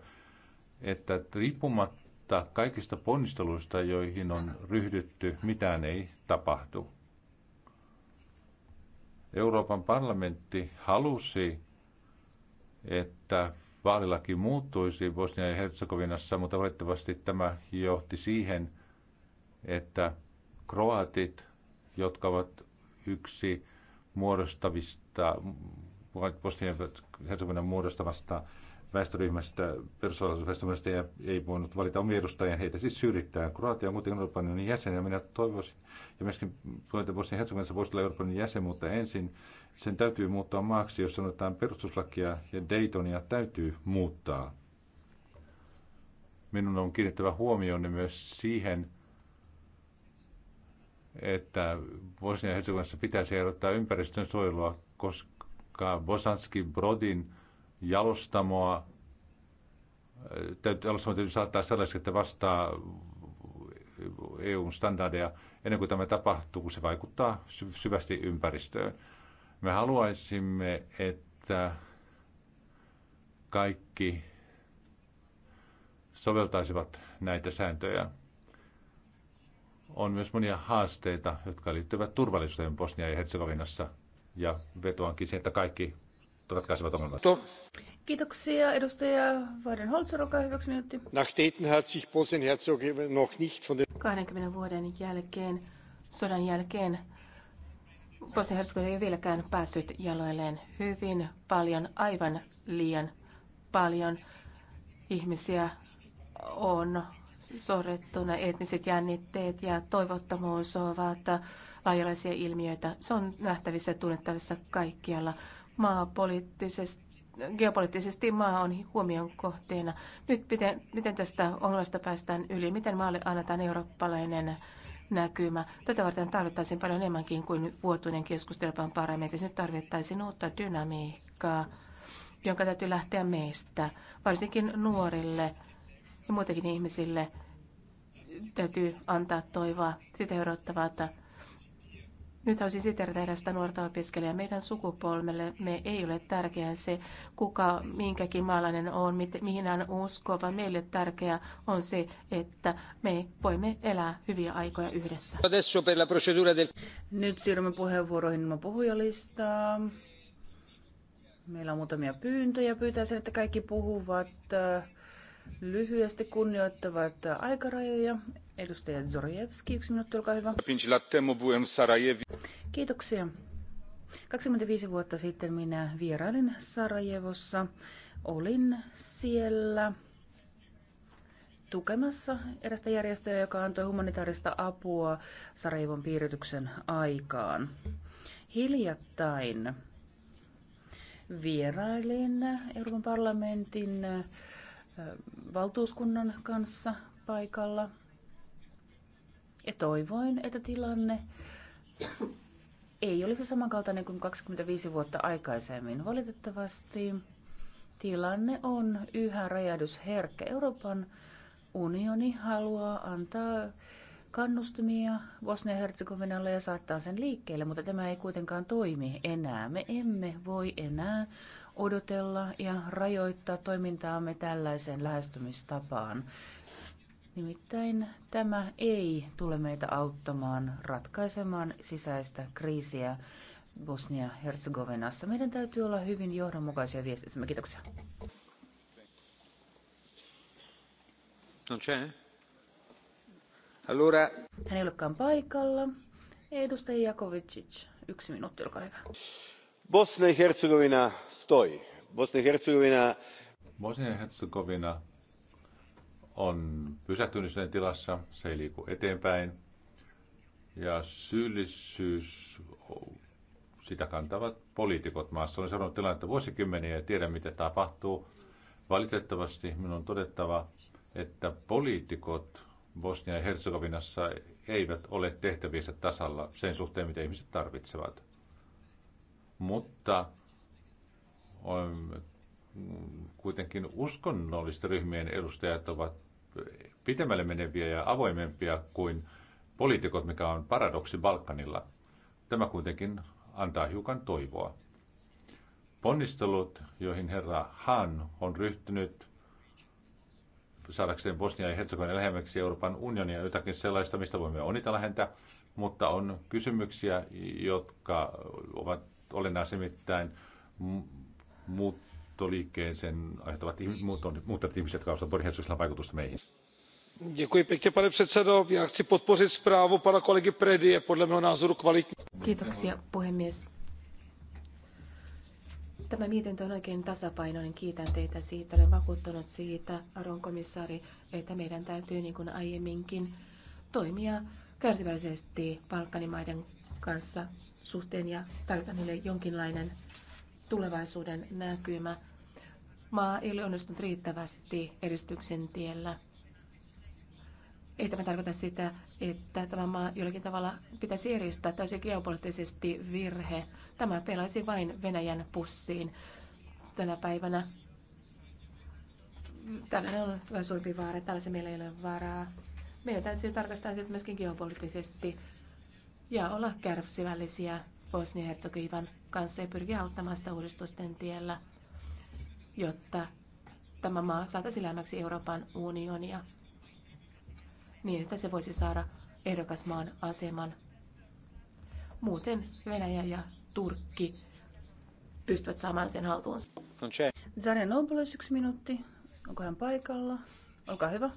että riippumatta kaikista ponnisteluista, joihin on ryhdytty, mitään ei tapahdu. Euroopan parlamentti halusi, että vaalilaki muuttuisi Bosnia ja Herzegovinassa, mutta valitettavasti tämä johti siihen, että kroatit jotka ovat yksi muodostavista, Bosnia-Herzegovina muodostavasta väestöryhmästä, perussuomalaisesta ja ei voinut valita omia edustajia, heitä siis syrjittää. Kroatia on kuitenkin Euroopan unionin jäsen ja minä toivoisin, ja myöskin bosnia Herzegovina voisi olla Euroopan unionin jäsen, mutta ensin sen täytyy muuttaa maaksi, jos sanotaan perustuslakia ja Daytonia täytyy muuttaa. Minun on kiinnittävä huomioon myös siihen, että Bosnia Herzegovassa pitäisi ehdottaa ympäristön suojelua, koska Bosanski Brodin jalostamoa täytyy, jalostamo täytyy saattaa sellaisesti, että vastaa EU-standardeja. Ennen kuin tämä tapahtuu, se vaikuttaa syvästi ympäristöön. Me haluaisimme, että kaikki soveltaisivat näitä sääntöjä on myös monia haasteita, jotka liittyvät turvallisuuteen Bosnia ja Herzegovinassa. Ja vetoankin siihen, että kaikki ratkaisevat ongelmat. Kiitoksia edustaja Vaiden Holzer, olkaa hyväksi minuutti. hat sich Bosnien-Herzegowina noch nicht von den... 20 vuoden jälkeen, sodan jälkeen, Bosnia-Herzegovina ei vieläkään päässyt jaloilleen hyvin paljon, aivan liian paljon ihmisiä on sorrettuna etniset jännitteet ja toivottomuus ovat laajalaisia ilmiöitä. Se on nähtävissä ja tunnettavissa kaikkialla. Maa geopoliittisesti maa on huomion kohteena. Nyt miten, miten tästä ongelmasta päästään yli? Miten maalle annetaan eurooppalainen näkymä. Tätä varten tarvittaisiin paljon enemmänkin kuin vuotuinen keskustelupan parlamentissa. Nyt tarvittaisiin uutta dynamiikkaa, jonka täytyy lähteä meistä, varsinkin nuorille ja muitakin ihmisille täytyy antaa toivoa. Sitä odottavaa, että Nyt haluaisin siterata erästä nuorta opiskelijaa. Meidän sukupolmelle me ei ole tärkeää se, kuka minkäkin maalainen on, mihin hän uskoo, vaan meille tärkeää on se, että me voimme elää hyviä aikoja yhdessä. Nyt siirrymme puheenvuoroihin ilman puhujalistaa. Meillä on muutamia pyyntöjä. Pyytäisin, että kaikki puhuvat äh, lyhyesti kunnioittavat aikarajoja. Edustaja Zorjevski, yksi minuutti, olkaa hyvä. Kiitoksia. 25 vuotta sitten minä vierailin Sarajevossa. Olin siellä tukemassa erästä järjestöä, joka antoi humanitaarista apua Sarajevon piirityksen aikaan. Hiljattain vierailin Euroopan parlamentin valtuuskunnan kanssa paikalla. Ja toivoin, että tilanne ei olisi samankaltainen kuin 25 vuotta aikaisemmin. Valitettavasti tilanne on yhä räjähdysherkkä. Euroopan unioni haluaa antaa kannustimia Bosnia-Herzegovinalle ja saattaa sen liikkeelle, mutta tämä ei kuitenkaan toimi enää. Me emme voi enää odotella ja rajoittaa toimintaamme tällaiseen lähestymistapaan. Nimittäin tämä ei tule meitä auttamaan ratkaisemaan sisäistä kriisiä Bosnia-Herzegovinassa. Meidän täytyy olla hyvin johdonmukaisia viestissämme. Kiitoksia. c'è? Allora... Hän ei olekaan paikalla. Edustaja Jakovicic, yksi minuutti, olkaa hyvä bosna i hercegovina stoji. bosna i hercegovina Bosnia ja on pysähtyneisyyden tilassa, se ei liiku eteenpäin. Ja syyllisyys, sitä kantavat poliitikot maassa. Olen sanonut tilannetta vuosikymmeniä ja tiedän, mitä tapahtuu. Valitettavasti minun on todettava, että poliitikot Bosnia ja Herzegovinassa eivät ole tehtävissä tasalla sen suhteen, mitä ihmiset tarvitsevat mutta on, kuitenkin uskonnollisten ryhmien edustajat ovat pitemmälle meneviä ja avoimempia kuin poliitikot, mikä on paradoksi Balkanilla. Tämä kuitenkin antaa hiukan toivoa. Ponnistelut, joihin herra Han on ryhtynyt saadakseen Bosnia ja Herzegovina lähemmäksi Euroopan unionia, jotakin sellaista, mistä voimme onnitella häntä, mutta on kysymyksiä, jotka ovat olennais nimittäin muuttoliikkeen sen aiheuttavat muuttavat ihmiset, jotka ovat vaikutusta meihin. pane předsedající já chci podpořit zprávu pana kolegy predy je podle mého názoru kvalitní. Kiitoksia puhemies. Tämä mietintö on oikein tasapainoinen. Kiitän teitä siitä. Olen vakuuttunut siitä, arvon komissaari, että meidän täytyy niin kuin aiemminkin toimia kärsivällisesti Balkanimaiden kanssa suhteen ja tarjota niille jonkinlainen tulevaisuuden näkymä. Maa ei ole onnistunut riittävästi edistyksen tiellä. Ei tämä tarkoita sitä, että tämä maa jollakin tavalla pitäisi eristää täysin geopoliittisesti virhe. Tämä pelaisi vain Venäjän pussiin tänä päivänä. Tällainen on vähän suurempi vaara, tällaisen meillä ei ole varaa. Meidän täytyy tarkastaa sitä myöskin geopoliittisesti ja olla kärsivällisiä Bosnia-Herzegovinan kanssa ja pyrkiä auttamaan sitä uudistusten tiellä, jotta tämä maa saataisiin lähemmäksi Euroopan unionia niin, että se voisi saada ehdokasmaan aseman. Muuten Venäjä ja Turkki pystyvät saamaan sen haltuunsa. Zarja Nobolos yksi minuutti. Onko hän paikalla? Olkaa hyvä.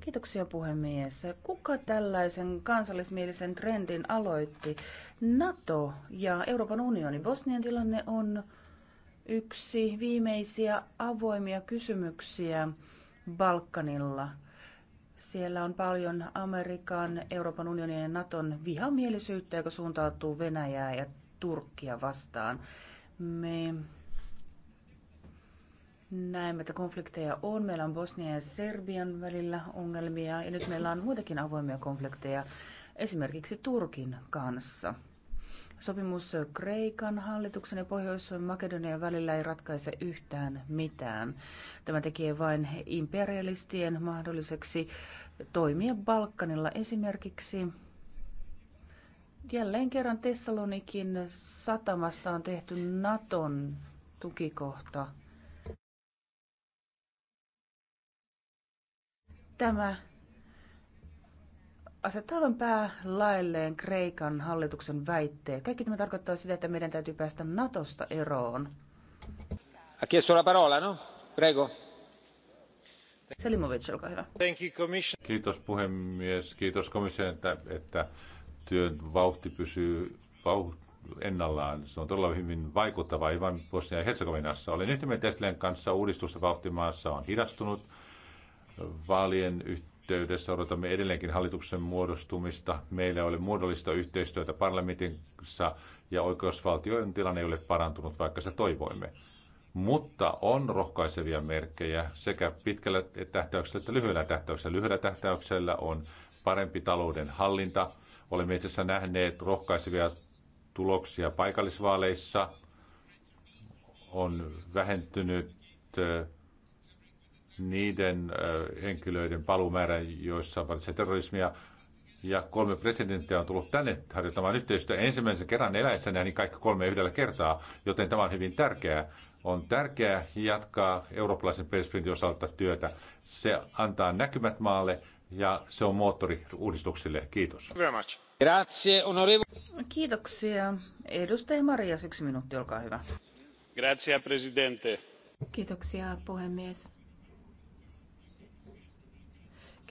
Kiitoksia puhemies. Kuka tällaisen kansallismielisen trendin aloitti? NATO ja Euroopan unioni. Bosnian tilanne on yksi viimeisiä avoimia kysymyksiä Balkanilla. Siellä on paljon Amerikan, Euroopan unionin ja Naton vihamielisyyttä, joka suuntautuu Venäjää ja Turkkia vastaan. Me näemme, että konflikteja on. Meillä on Bosnia ja Serbian välillä ongelmia ja nyt meillä on muitakin avoimia konflikteja, esimerkiksi Turkin kanssa. Sopimus Kreikan hallituksen ja pohjois Makedonian välillä ei ratkaise yhtään mitään. Tämä tekee vain imperialistien mahdolliseksi toimia Balkanilla esimerkiksi. Jälleen kerran Tessalonikin satamasta on tehty Naton tukikohta Tämä asettavan pää laelleen Kreikan hallituksen väitteet. Kaikki tämä tarkoittaa sitä, että meidän täytyy päästä Natosta eroon. Ha chiesto la parola, no? Prego. Selimovic, olkaa hyvä. Kiitos puhemies, kiitos komission, että, että työn vauhti pysyy ennallaan. Se on todella hyvin vaikuttava Ivan Bosnia ja Herzegovinassa. Olen yhtä mieltä Estelän kanssa, uudistusta vauhtimaassa on hidastunut Vaalien yhteydessä odotamme edelleenkin hallituksen muodostumista. Meillä oli muodollista yhteistyötä parlamentissa ja oikeusvaltioiden tilanne ei ole parantunut, vaikka se toivoimme. Mutta on rohkaisevia merkkejä sekä pitkällä tähtäyksellä että lyhyellä tähtäyksellä. Lyhyellä tähtäyksellä on parempi talouden hallinta. Olemme itse asiassa nähneet rohkaisevia tuloksia paikallisvaaleissa. On vähentynyt niiden henkilöiden palumäärä, joissa on valitsee terrorismia. Ja kolme presidenttiä on tullut tänne harjoittamaan yhteistyötä ensimmäisen kerran eläessään, niin kaikki kolme yhdellä kertaa, joten tämä on hyvin tärkeää. On tärkeää jatkaa eurooppalaisen presidentin osalta työtä. Se antaa näkymät maalle ja se on moottori uudistuksille. Kiitos. Grazie, onorevo. Kiitoksia. Edustaja Maria, yksi minuutti, olkaa hyvä. Grazie, presidente. Kiitoksia, puhemies.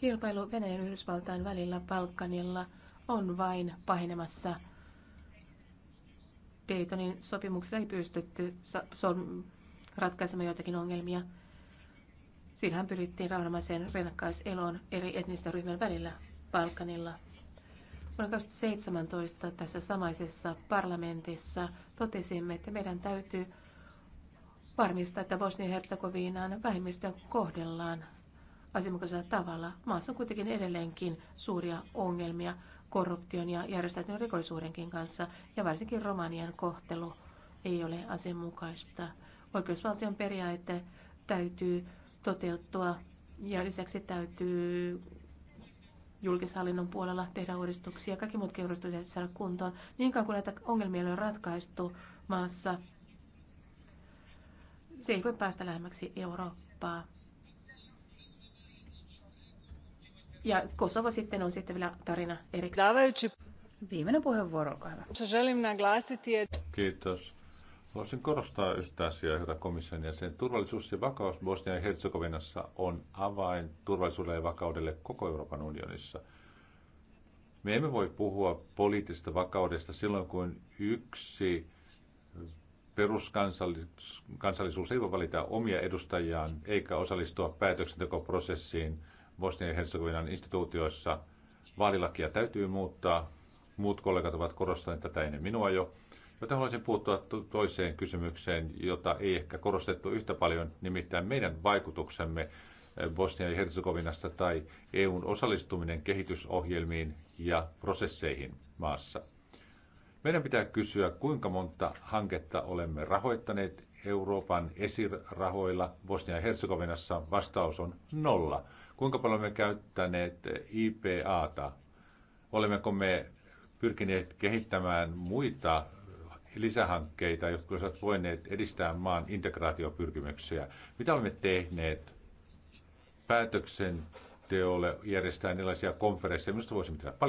Kilpailu Venäjän ja Yhdysvaltain välillä Balkanilla on vain pahenemassa. Daytonin sopimuksella ei pystytty ratkaisemaan joitakin ongelmia. Siinähän pyrittiin rauhanomaiseen rinnakkaiseloon eri etnisten ryhmien välillä Balkanilla. Vuonna 2017 tässä samaisessa parlamentissa totesimme, että meidän täytyy varmistaa, että Bosnia-Herzegovinaan vähemmistö kohdellaan asianmukaisella tavalla. Maassa on kuitenkin edelleenkin suuria ongelmia korruption ja järjestäytyneen rikollisuudenkin kanssa, ja varsinkin romanien kohtelu ei ole asianmukaista. Oikeusvaltion periaate täytyy toteuttua, ja lisäksi täytyy julkishallinnon puolella tehdä uudistuksia, kaikki muutkin uudistukset täytyy saada kuntoon. Niin kauan kuin näitä ongelmia on ratkaistu maassa, se ei voi päästä lähemmäksi Eurooppaa. Ja Kosovo sitten on sitten vielä tarina erikseen. Viimeinen puheenvuoro, olkaa hyvä. Kiitos. Haluaisin korostaa yhtä asiaa, jota komission jäsen. Turvallisuus ja vakaus Bosnia ja Herzegovinassa on avain turvallisuudelle ja vakaudelle koko Euroopan unionissa. Me emme voi puhua poliittisesta vakaudesta silloin, kun yksi peruskansallisuus ei voi valita omia edustajiaan eikä osallistua päätöksentekoprosessiin – Bosnian ja Herzegovinan instituutioissa vaalilakia täytyy muuttaa. Muut kollegat ovat korostaneet tätä ennen minua jo. Joten haluaisin puuttua toiseen kysymykseen, jota ei ehkä korostettu yhtä paljon, nimittäin meidän vaikutuksemme eh, Bosnia ja Herzegovinasta tai EUn osallistuminen kehitysohjelmiin ja prosesseihin maassa. Meidän pitää kysyä, kuinka monta hanketta olemme rahoittaneet Euroopan esirahoilla Bosnia ja Herzegovinassa. Vastaus on nolla. Kuinka paljon me käyttäneet IPAta? Olemmeko me pyrkineet kehittämään muita lisähankkeita, jotka olisivat voineet edistää maan integraatiopyrkimyksiä? Mitä olemme tehneet päätöksenteolle järjestää erilaisia konferensseja? Minusta voisimme tehdä paljon